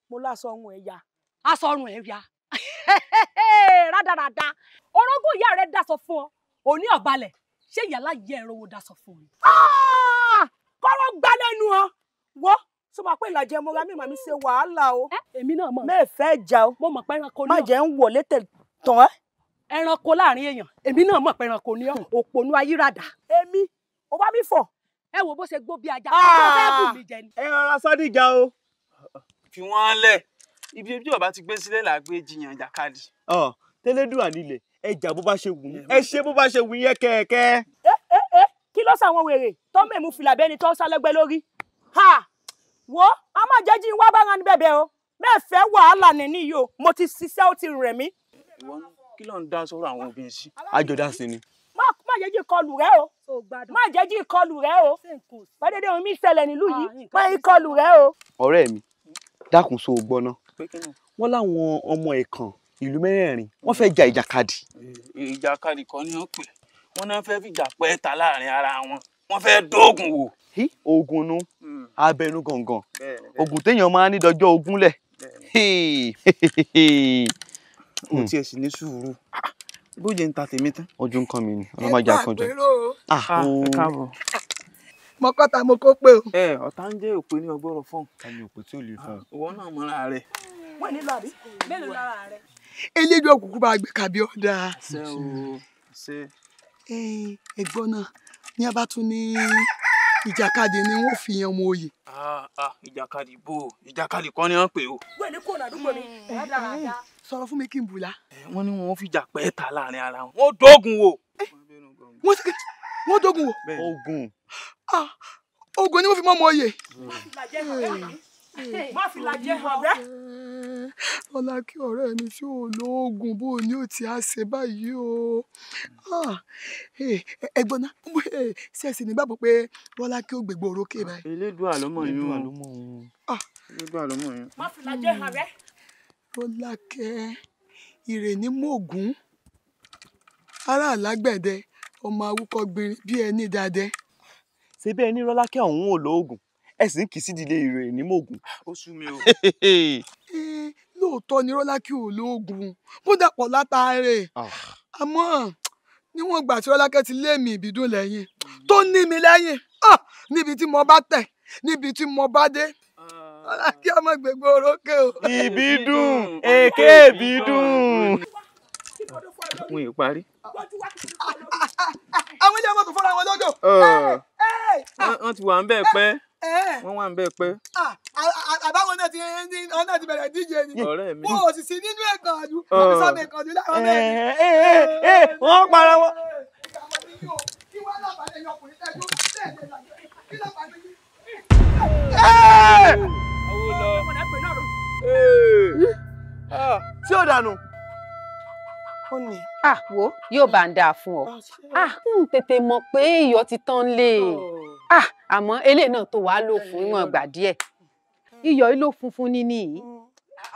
mo láṣọ ọrùn ẹ̀ ya. aṣọ ọrùn ẹ̀ ya [laughs] rádaràda orógùn ìyá rẹ̀ dasọ fún ọ òní ọ̀balẹ̀ ṣé ìyàlá yẹ ẹ̀rọ wo dasọ fún ọ. Ah! kọ́rọ́ gbá lẹ́nu ọ wọ́ tó máa pé ìlàjẹ mo ra mímọ mi ṣe wàhálà o. èmi náà mọ mẹ́ẹ̀fẹ́ ẹja o. mo mọ̀ pé ẹranko ni ọ. má jẹ́ ń wọ̀ létè tán ẹranko láàrin èèyàn èmi náà mọ̀ pé ẹranko ni ọ [laughs] òpònú ayírádà. èmi ò bá mi fọ̀ ẹ wo bó ṣe gbó bí ajá tó fẹ́ ah! bù mí jẹ ni. ẹ rọra sádìjà o. fi wọ́n lẹ̀ ibi tí ọba ti gbé sílẹ̀ là gbé jiyàn jàkadì. ọ tẹlẹdùn àlilẹ ẹ jà bó bá ṣe wù yín ẹ ṣe bó bá ṣe wù yín kẹkẹ. ẹ ẹ ẹ kí ló sàwọn wèrè tó mẹ̀mú filabẹ́ni tó sálẹ́gbẹ́ lórí. ha wo a máa jẹ́ jí wá bára ní bẹ̀bẹ̀ o mẹ́fẹ́ wàhálà nìní yìí o mo ti ṣiṣẹ́ ó ti rẹ̀ mí. ìwọ kí ló ń dá sọ́rọ̀ àwọn obìnrin sí. àjọ̀dá sí ni má jẹ́ jí ìkọlù rẹ o má jẹ́ jí ìkọlù rẹ o pàdédé ohun mi ṣẹlẹ̀ nílùú yìí ah, má ìkọlù rẹ o. ọ̀rẹ́ mi dákun so gbọ́ná wọ́n láwọn ọmọ ẹ̀kan ìlú mẹ́rẹ̀ẹ̀rin wọ́n fẹ́ ja ìjàkadì. Eh, ìjàkadì kan ni wọ́n pè wọ́n náà fẹ́ fìjà pẹ́ ta láàrin ara wọn wọ́n fẹ́ dóògùn wò. ogun nu hmm. abẹnú gangan ogun téèyàn máa ní dọjọ́ ogún lẹ̀. mo tiẹ̀ sì ní sùúrù bó jẹ́ ń ta tèmi tán. ojú ń kàn mí ni ọlọ́mọdé àkànjọ. ẹ ah, ah, káàbọ̀ mọ́kọ́ta mo kó pé o. ẹ ọ̀tá ń jẹ́ òpè ní ọgbọ́rọ̀ fún. ta ni òpè tí ò lè fún. Ah, ìwọ náà mọ́ra rẹ̀. wọ́n ní lọ́ọ̀bí mélòó lára rẹ̀. eléjò òkùnkùn bá gbé kàbí ọ̀dà. ṣe o ṣe. ẹ̀gbọ́n náà ní a tún ní ìjàkadì ni wọ́n fi yan ọmọ oyè. ìjàkadì bò ìjàkadì kan ni wọ́n pè o. wẹ́ẹ̀ ní kò nàdúgbò ni sọ̀rọ̀ fún mi kí n bùlá. wọ́n ní wọ́n fi jà pẹ́ ta láàrin ara wọn. wọ́n dógun wò. wọ́n ti wọ́n dógun wò. ogun. ogun ni wọ́n fi mọ́ ọmọ oyè. má fi lajẹ́ ọ̀rẹ́. Hmm. ọlá kí ọ̀rẹ́ mi tí ò lóògùn bó ni ó ti á ṣe báyìí o. ẹ̀gbọ́n náà ṣe é sì ní bàbá pé bọ́lá kí ó gbègbè orókè báyìí. elédùn àlọ́mọ yìí o elédùn àlọ́mọ yìí. má fi lajẹ́ ọ̀rẹ́. Fọlákẹ́ Ìrènímògún ará alágbẹ̀dẹ ọmọ awúkọ́gbinrin bí ẹni dàdẹ. ṣé bẹ́ẹ̀ ni rọ́lákẹ́ ọ̀hún ò lóògùn ẹ sì ń kì í sídìílé Ìrènímògún. ó sú mi o. [laughs] lóòótọ́ ni rọ́lákẹ́ ò lóògùn bó dàpọ̀ látàárẹ̀ ah. àmọ́ níwọ̀n ìgbà tí rọ́lákẹ́ ti lé mi ìbídùn lẹ́yìn tó ní mi lẹ́yìn ah, níbi tí mo bá tẹ̀ níbi tí mo bá dé a ọmọ gbègbè orókè o. ìbí dùn èké ìbí dùn. mo yìí parí. àwọn ilé ọmọ tó fọ́ra wọn lọ́dọ̀. wọ́n ti wà ń bẹ́ẹ̀ pẹ́ wọ́n wà ń bẹ́ẹ̀ pẹ́. àbáwọn náà ti ní ọ̀n náà ti bẹ̀rẹ̀ díje ni ọ̀rẹ́ mi wọ́n sì sí nínú ìkànnì àbí ìkànnì láwọn bẹ́ẹ̀ ni. wọ́n para wọn. kí wọ́n lábàá lẹ́yìn ọkùnrin tẹ́jú bẹ́ẹ̀ ni kí lábàá lẹ́yìn. lọ. Hmm? Ah, ṣé ò dànù. ó ní. à ah, wo yóò bá ń dáa fún ọ à ah, ń tètè mọ̀ pé iyọ̀ ti tán lé e àmọ́ eléyìí náà tó wàá lò fún ìwọn ìgbà díẹ̀ iyọ̀ ló funfun níní yìí mm.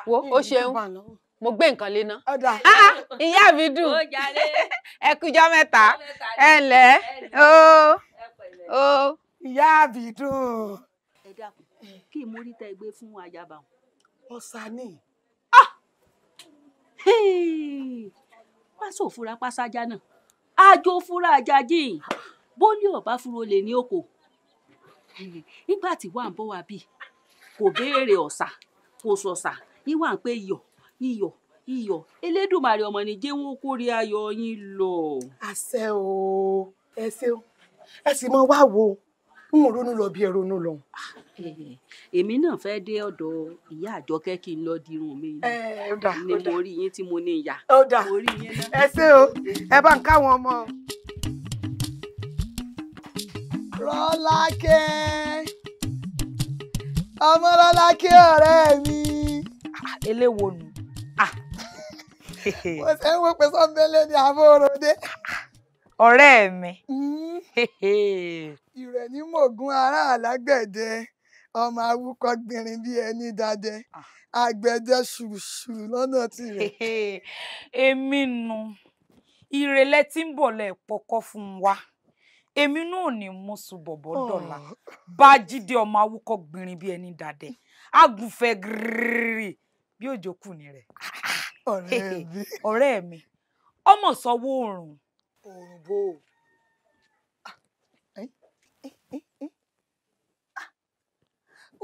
wo ó mm, ṣeun mo gbé nǹkan lé Ah, ìyá mi dùn ẹ kújọ mẹ́ta ẹ lẹ ó ó. ìyá mi dùn kí ìmúrí tẹ gbé fún ayaba wọn. ọ̀sà ni. pásò ah! fúra pásájà náà àjò fúra àjàjì bólú ọba fúro lè ní oko nígbà tí wà ń bọ̀ wá bí kò béèrè ọ̀sà kò sọ̀sà ìwà ń pé iyọ̀ iyọ̀ iyọ̀ elédùnmarè ọmọ ní jẹ́wọ́n kórè ayọ̀ yín lọ. àṣẹ o ẹ ṣeun ẹ sì mọ wá wo n ò ronú lọ bí ẹ ronú lọ. Ah, èmi náà fẹ́ dé ọ̀dọ̀ ìyá àjọkẹ́ kí n lọ dirun mi ni mo rí yín tí mo ní ìyá. ẹ ṣé o ẹ bá ń káwọn ọmọ. rọ́lákẹ́ ọmọ rọ́lákẹ́ ọ̀rẹ́ mi. Ah, eléwo nù. Ah. [laughs] mo ṣe ń wo pé sọ́ńdẹ́lẹ́ ni àbúrò dé. ọ̀rẹ́ mi. Hmm. [laughs] ìrẹ̀ní mògùn ará àlágbẹ̀dẹ ọmọ awúkọ gbìnrin bíi ẹni dádẹ ah. àgbẹ̀dẹ ṣùṣù lọ́nà tirẹ̀. èmi nu ìrẹ̀lẹ̀ tí ń bọ̀ lẹ̀ pọ̀kọ́ fún wa èmi náà ní mùsùn bọ̀bọ̀ dọ̀la bá jíde ọmọ awúkọ gbìnrin bíi ẹni dádẹ agùnfẹ́ gírírí bí òjò kù ní rẹ̀. ọ̀rẹ́ mi ọmọ sọ wo oòrùn. oòrùn bò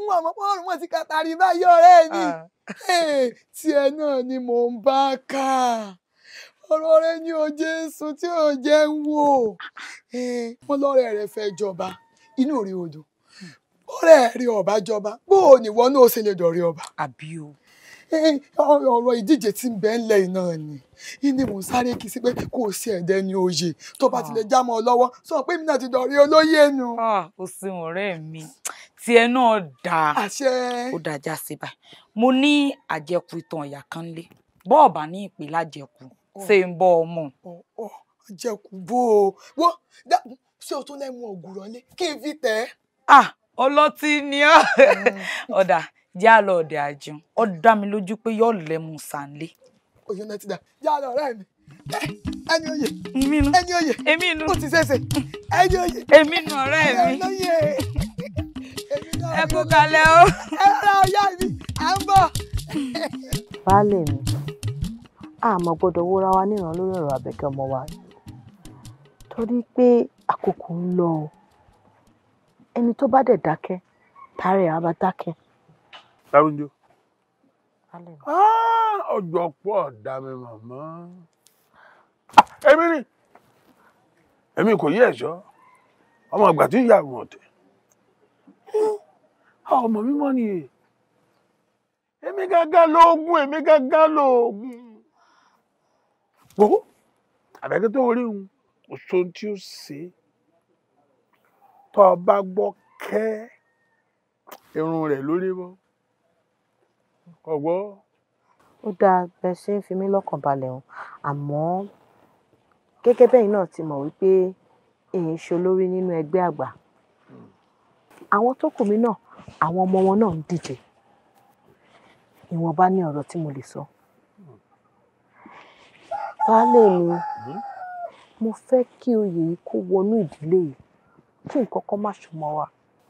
n wà mọ́ pọ́ọ̀rùn wọn ti kàtàrí báyìí ọ̀rẹ́ mi ah. tiẹ̀ náà ni mò ń bá kà ọ̀rọ̀ rẹ ni ò jésù tí ò jẹ́ ń wò wọn lọ́rẹ̀ rẹ fẹ́ jọba inú rí odò ọ̀rẹ́ rí ọba jọba bó o níwọ náà ṣe lè dọ̀rẹ́ ọba. àbí o ọ̀rọ̀ ìdíje tí ń bẹ ńlẹ̀ iná ni ìní mò ń sáré kí sí pé kò sí ẹ̀dẹ́ ní oyè tó bá ti lè ah. já mọ́ ọ lọ́wọ́ sọ pé mi náà ti dọ̀rẹ́ olóyè nu. ó sì wọ̀n ọ̀rẹ́ mi tiẹ̀ náà dáa ó dájà sí báyìí mo ní àjẹkù ìtàn ìyá kan lé bọ́ọ̀bà ní ìpínlẹ̀ àjẹkù ṣe ń bọ́ ọmọ. àjẹkù bó o wọ́n ṣé o tún lẹ́mu ọ̀gùrọ̀ lé kí n fi tẹ̀ ah ọlọ́tí ni ọ́ mm. [laughs] ọ̀dà yá lọ ọ̀dẹ̀ àjùn ó dá mi lójú pé yóò lẹ́mu sànlé. òye náà ti dà yá lọ ọ̀rẹ́ mi ẹni oyè ẹni oyè èmi inú ó ti ṣẹ̀ṣẹ̀ ẹni oyè èmi inú ọ̀rẹ́ mi ẹ kú kalẹ̀ o. ẹ rà ọ̀yá mi à ń bọ̀. baálé mi àmọ́ gbọ́dọ̀ wúra wa níran lórí ọ̀rọ̀ àbẹ̀kẹ́ ọmọ wa torí pé àkókò ń lọ o ẹni tó bá dẹ̀ dákẹ́ tààrẹ̀ á bá dákẹ́. Dárúnjó. Ah, ọjọ́ pọ̀ dá mi màmá. èmi ni èmi kò yí ẹ̀ṣọ́ ọmọ ìgbà tí ìyá àwọn ọ̀tẹ̀ ọmọ mímọ́ ni è èmi gángan lóògùn èmi gángan lóògùn wo àbẹ̀kẹ́ tó rí òun òṣò tí ó ṣe tó o bá gbọ́ kẹ́ irun rẹ̀ lórí mọ́ ọ̀gbọ́n. ó dáa bẹ́ẹ̀ ṣe ń fi mí lọ́kàn balẹ̀ o àmọ́ gẹ́gẹ́ bẹ́yìn náà ti mọ̀ wípé èyí ṣolórí nínú ẹgbẹ́ àgbà hmm. àwọn tó kù mí náà àwọn ọmọ wọn náà ń díje ìwọ̀nba ní ọ̀rọ̀ tí mo lè sọ. baálé mi hmm? mo fẹ́ kí oyè yìí kó wọnú ìdílé yìí kí nǹkan kan má ṣùmọ́ wa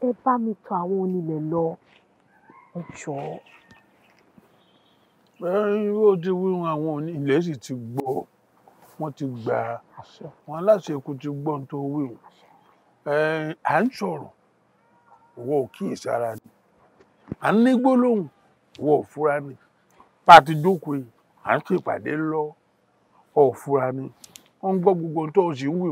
ẹ bá mi tọ̀ àwọn onílẹ̀ lọ ẹ jọ̀ọ́. ó ti wíwọn àwọn onílẹ̀ sì ti gbọ́ wọ́n ti gbà á wọn aláṣẹ kò ti gbọ́ ohun tó wíwọn à ń sọ̀rọ̀ wo ò kíyè sára ni à gbólóhùn ìwọ fura ni yìí lọ ọ fura ni gbogbo tó o sì ń wí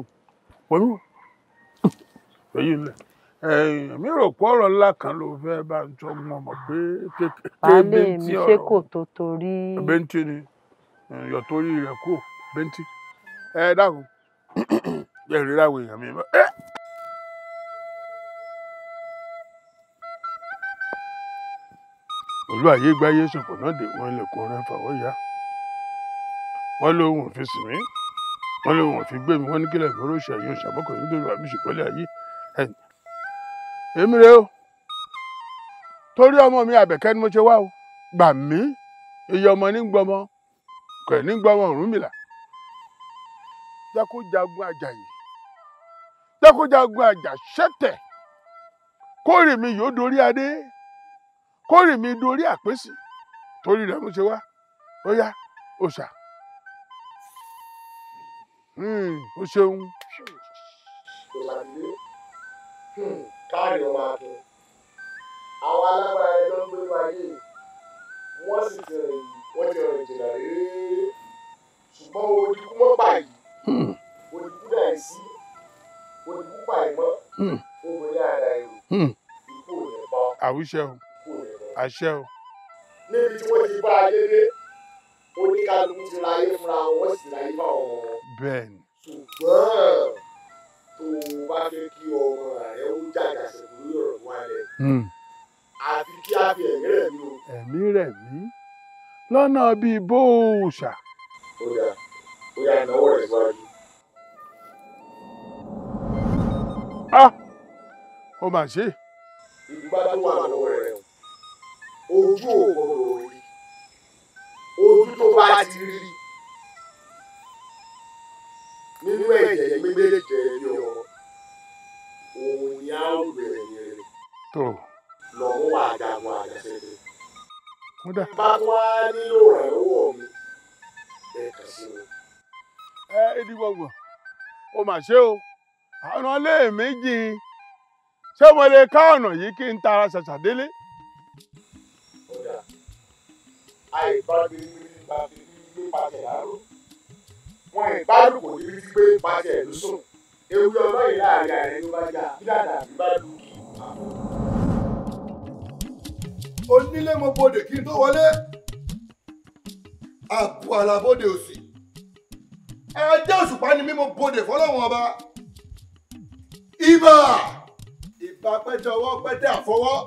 [laughs] èyí mi rò ńlá kan ló fẹ́ bá ń tọ́ pé baálé mi ṣe kò tó torí. ni yọ̀ torí rẹ̀ kò bẹ́ntì ẹ [clears throat] ẹ rí láwọn èèyàn olú ayé gbáyé ṣòfò náà dé wọn ilẹ̀kùn rẹ fàwọ́ ya wọn lóhùn òfin sì mí wọn lóhùn òfin gbé mi wọn ní kílẹ̀ ìgboro ṣẹ̀yìn ṣàmọ́kọ̀ yìí nítorí àbí ṣùkọ́lẹ̀ ayé èmi rèé o torí ọmọ mi àbẹ̀kẹ́ ni mo ṣe wá o gbà mí iye ọmọ ní gbọmọ kò ní gbọmọ Ọ̀rúnmìlà jẹ́ kó jagun Àjàyí jẹ́ àjà ṣẹ́tẹ̀ kórè mi yóò dorí adé kórè mi dorí àpèsè torí rẹ̀ mo ṣe wá ó yá òòṣà o hmm, ṣeun. ìlànà káàdì wọn akin àwọn alágbára ẹjọ ń gbé wáyé wọn sì ti rìn wọn ti rìn jìnnà rèé ṣùgbọ́n odigun mọ́ báyìí odigun náà sí odigun báyìí mọ́ obìnrin àdá èrò hmm. ikú ò ní àṣẹ o. níbi tí wọ́n ti bá a yé dé oníkálukú ti ra ayé fúnra wọn sì ra ayé bá wọn. ṣùgbọ́n tó o bá fẹ́ kí ọmọ rẹ ó jàjà sẹ̀kú lórí ọ̀rọ̀ wa lẹ̀. Hmm. àfi kí a fi ẹ̀mí rẹ̀ mí o. ẹ̀mí rẹ̀ mí lọ́nà bíi bóòṣà. ó yá ó yá ìnáwó rẹ̀ síwájú. Ah! ó mà ṣe. ìdúgbà tó wà lọ́wọ́ rẹ̀ ojú òkòrò rí ojú tó bá ti rí nínú ẹ̀jẹ̀ méjèèjì ẹ̀rí ọmọ òun ni a ó bẹ̀rẹ̀ yẹn rẹ̀ lọ́wọ́ wà jagun àjàṣẹ́dẹ̀. bá wá nílò ìrànlọ́wọ́ mi ẹ kàn sí mi. ẹ ẹdí gbọgbọ o mà ṣe o ọ̀nà lè méjì ṣé mo lè ká ọ̀nà yìí kí n tara ṣàṣàdélé àìbágbére nígbà tí gbé pàṣẹ àárò wọn ìbálòpọ̀ níbi tí gbé pàṣẹ ló sùn ewu ọlọ́yìn láàrin ààrẹ ló bá jà bí dàdà bá lu kí onílé mo bodè kí n tó wọlé àpò àlàbodè òsì ẹjẹ òṣùpá ni mí mo bodè fọlọ́wọ́n ọba ibà ìbà pẹ́jọ ọwọ́ pẹ́jọ àfọwọ́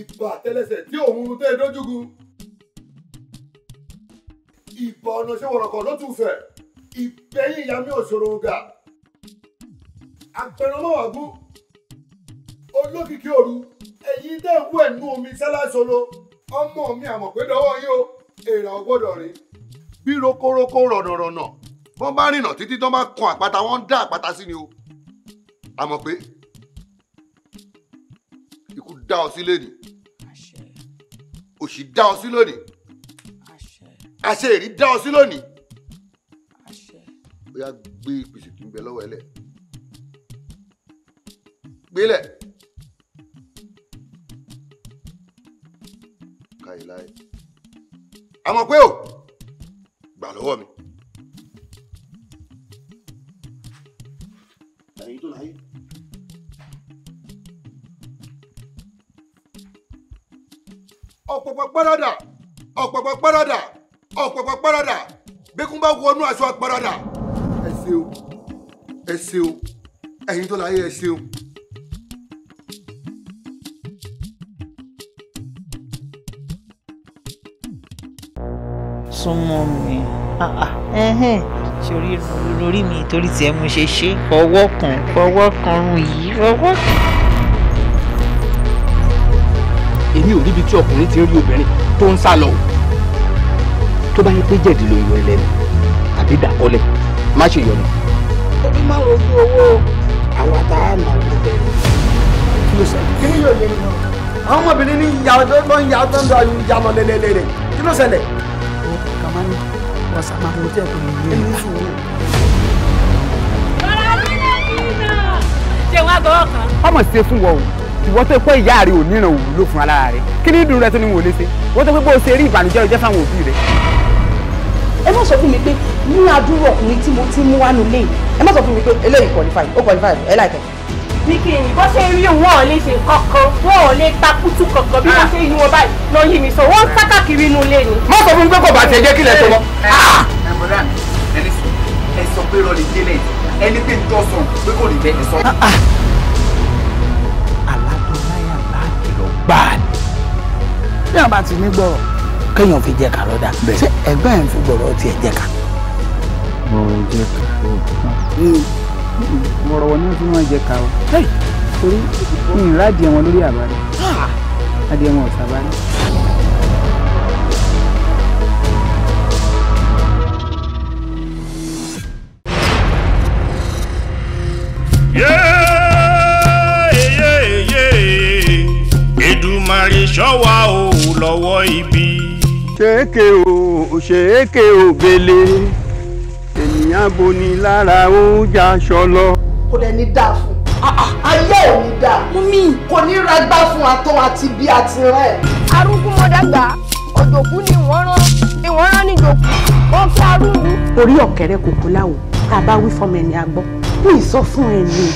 ìbọn àtẹlẹsẹ̀ tí òun tẹ́ ẹ dójúgu ìbọn ọ̀nà ṣé wọ̀rọ̀kọ̀ ló tún fẹ̀ ìgbẹ́yìn ìyá mi ò ṣòro ga àpẹnumọ́wàgún olókìkí òru ẹ̀yin dẹ́ ń wọ ẹ̀nú omi sálásolo ọmọ mi àmọ̀ pé dọ́wọ́ yín o èrà ò gbọ́dọ̀ rí. bí rokoroko rọ̀nàrọ̀nà wọ́n bá rìnà títí tán bá kan àpáta wọ́n ń dá àpáta sí ni o àmọ̀ pé ikú dá ọ sílé nìí òṣì dá ọ sí lónìí àṣẹ èrí dá ọ sí lónìí bóyá gbé ìpèsè tó ń bẹ lọ́wọ́ ẹ lẹ̀ gbélẹ̀ káyìláyì àmọ́ pé o gbà lọ́wọ́ mi. ẹ̀yin tó ọ̀pọ̀pọ̀ pẹ́rọ́dà ọ̀pọ̀pọ̀ pẹ́rọ́dà ọ̀pọ̀pọ̀ pẹ́rọ́dà bíkún bá wọnú aṣọ pẹ́rọ́dà. ẹ ṣe o ẹ ṣe o tó láyé ẹ ṣe súnmọ́ mi ah, ah, sórí lórí mi torí tiẹ̀ mo ṣe ṣe fọwọ́ kan fọwọ́ kan rùn yìí fọwọ́ kan èmi ò ríbi tí ọkùnrin ti rí obìnrin tó ń sá lọ o tó bá yẹ pé jẹ̀dí lo yọ ẹlẹ́nu àbí dàkọ́lẹ̀ má ṣe yọnu. ẹbí máa ń rojú owó àwọn àtàánà ló bẹ̀rẹ̀. kí ló ṣẹlẹ̀. kí ni yóò yẹ nínú àwọn ọmọbìnrin ní ìyá tó ń bọ ìyá tó ń bọ ìyá lọ lélẹ́lẹ́ rẹ̀ kí ló ṣẹlẹ̀. o kàmá ní wàsá máa mú tẹ̀ kò ní yé mi. ọmọ ṣe fún wọn o ìwọ tó pé ìyá rẹ ò níran òwúlò fún alára rẹ kí ni ìdùnnú rẹ tó ní wọn ò lè ṣe wọ́n tó pé bó o ṣe rí ìbànújẹ́ ọjọ́ fáwọn òbí rẹ. ẹ má sọ fún mi pé ní adúrò ọkùnrin tí mo ti mú wá nulẹ̀ yìí ẹ má sọ fún mi pé eléyìí qualify ó qualify ẹ láìpẹ́. bí kí ni bó ṣe rí wọn ò lè ṣe kankan wọn ò lè ta kútú kankan bí wọ́n ah. ṣe yí wọn báyìí lọ yí mi sọ wọ́n sákàkiri bad. bí wọn bá ti ní gbọrọ kéèyàn fi jẹ ká lọ́dà ṣé ẹgbẹ́ yẹn fi gbọrọ tiẹ̀ jẹ ká. mo jẹ ká hmm. mo rọwọ ní fún wọn jẹ ká o torí ìrìn ládìẹ wọn lórí àbárí ah! adìẹ wọn ò sábà rí. Èdùmàrè ṣọ́ wa o lọ́wọ́ ibi. ṣéèké o ṣéèké o gbélé ènìyàn boni lára ó já aṣọ lọ. kò lè ní dáa fún ah, ah, ayé ò ní dáa kò ní ragbá fún atọ́ àti bí a ti rẹ̀. arúgbó dàgbà òjòkú ni wọ́n rán ni wọ́n rán ní jòkú wọ́n fi arúgbó. orí ọ̀kẹ́rẹ́ kòkó láwo tá a bá wí fọmọ ẹni agbọ́ fún ìsọfún ẹni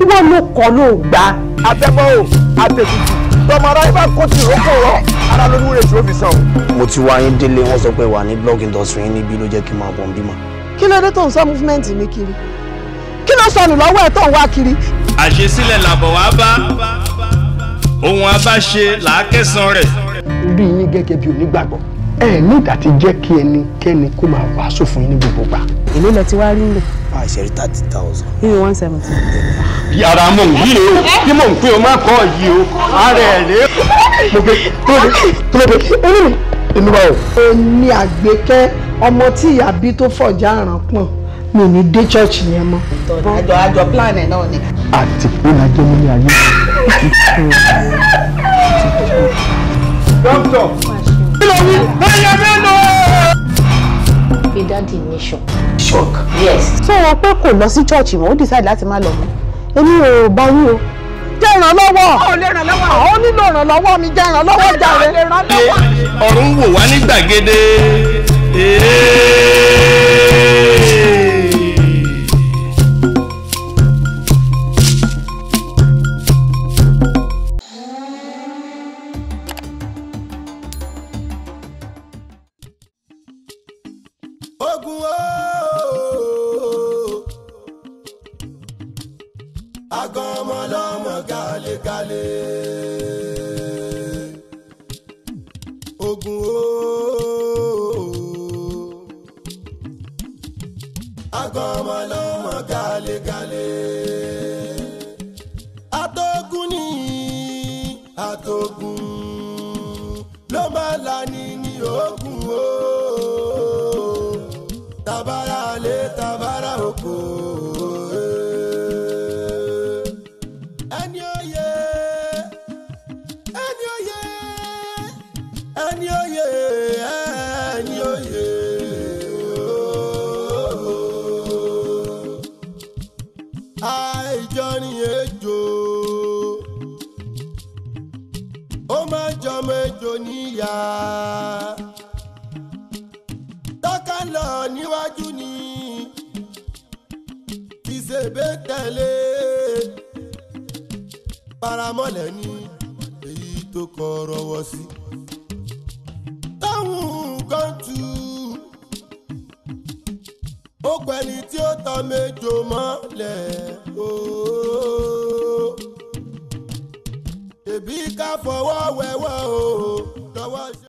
ìwọ ló kọ́ ló gbà. abẹ́mọ́ o àtẹ̀tùtù tọmọ ara ibà kó ti rọ́pò rọ́ ara ló múre tí ó mo ti wá yín délé wọn sọ pé wà ní blog industry yín níbí ló jẹ́ kí n máa bọ̀ bímọ. kí ló dé tó ń sọ movement mi kiri kí ló sọnù lọ́wọ́ ẹ̀ tó ń wá kiri. àṣesílẹ̀ làbọ̀ wá bá ohun abáṣe làákẹ́sàn rẹ̀. bí yín gẹ́gẹ́ bí onígbàgbọ́ ẹ ní ìdàtí jẹ́ kí ẹnikẹ́ni kó máa wàásù fún yín ní gbogbo gbà. èlé lẹ ti wá rí lò. a ah, ṣe rí thirty thousand. nínú one seventy. yàrá mò ń yí o bí mò ń pè ọ máa kọ́ yìí o ara ẹ̀ rè é. mo gbé kílódé kílódé olórí inú wa o. o ní àgbékẹ́ ọmọ tí ìyá bí tó fọ̀já àràn pọ̀n mi ò ní dé church yẹn mọ́. àjọ àjọ plan ẹ̀ náà ni. àtìkú la jẹ́ nílé ayé. dókítà wí ẹyẹ mélòó. pé dáàdi ní shock. shock yes. sọ wọn pé kò lọ sí chọ́ọ̀chì mọ́ ó decide láti má lọ mọ́ èmi ò bá yín o jẹ́ ìrànlọ́wọ́. ó lè rànlọ́wọ́. ó nílò ìrànlọ́wọ́ mi jẹ́ ìrànlọ́wọ́ jàre. ọ̀run wò wá ní gbàgede.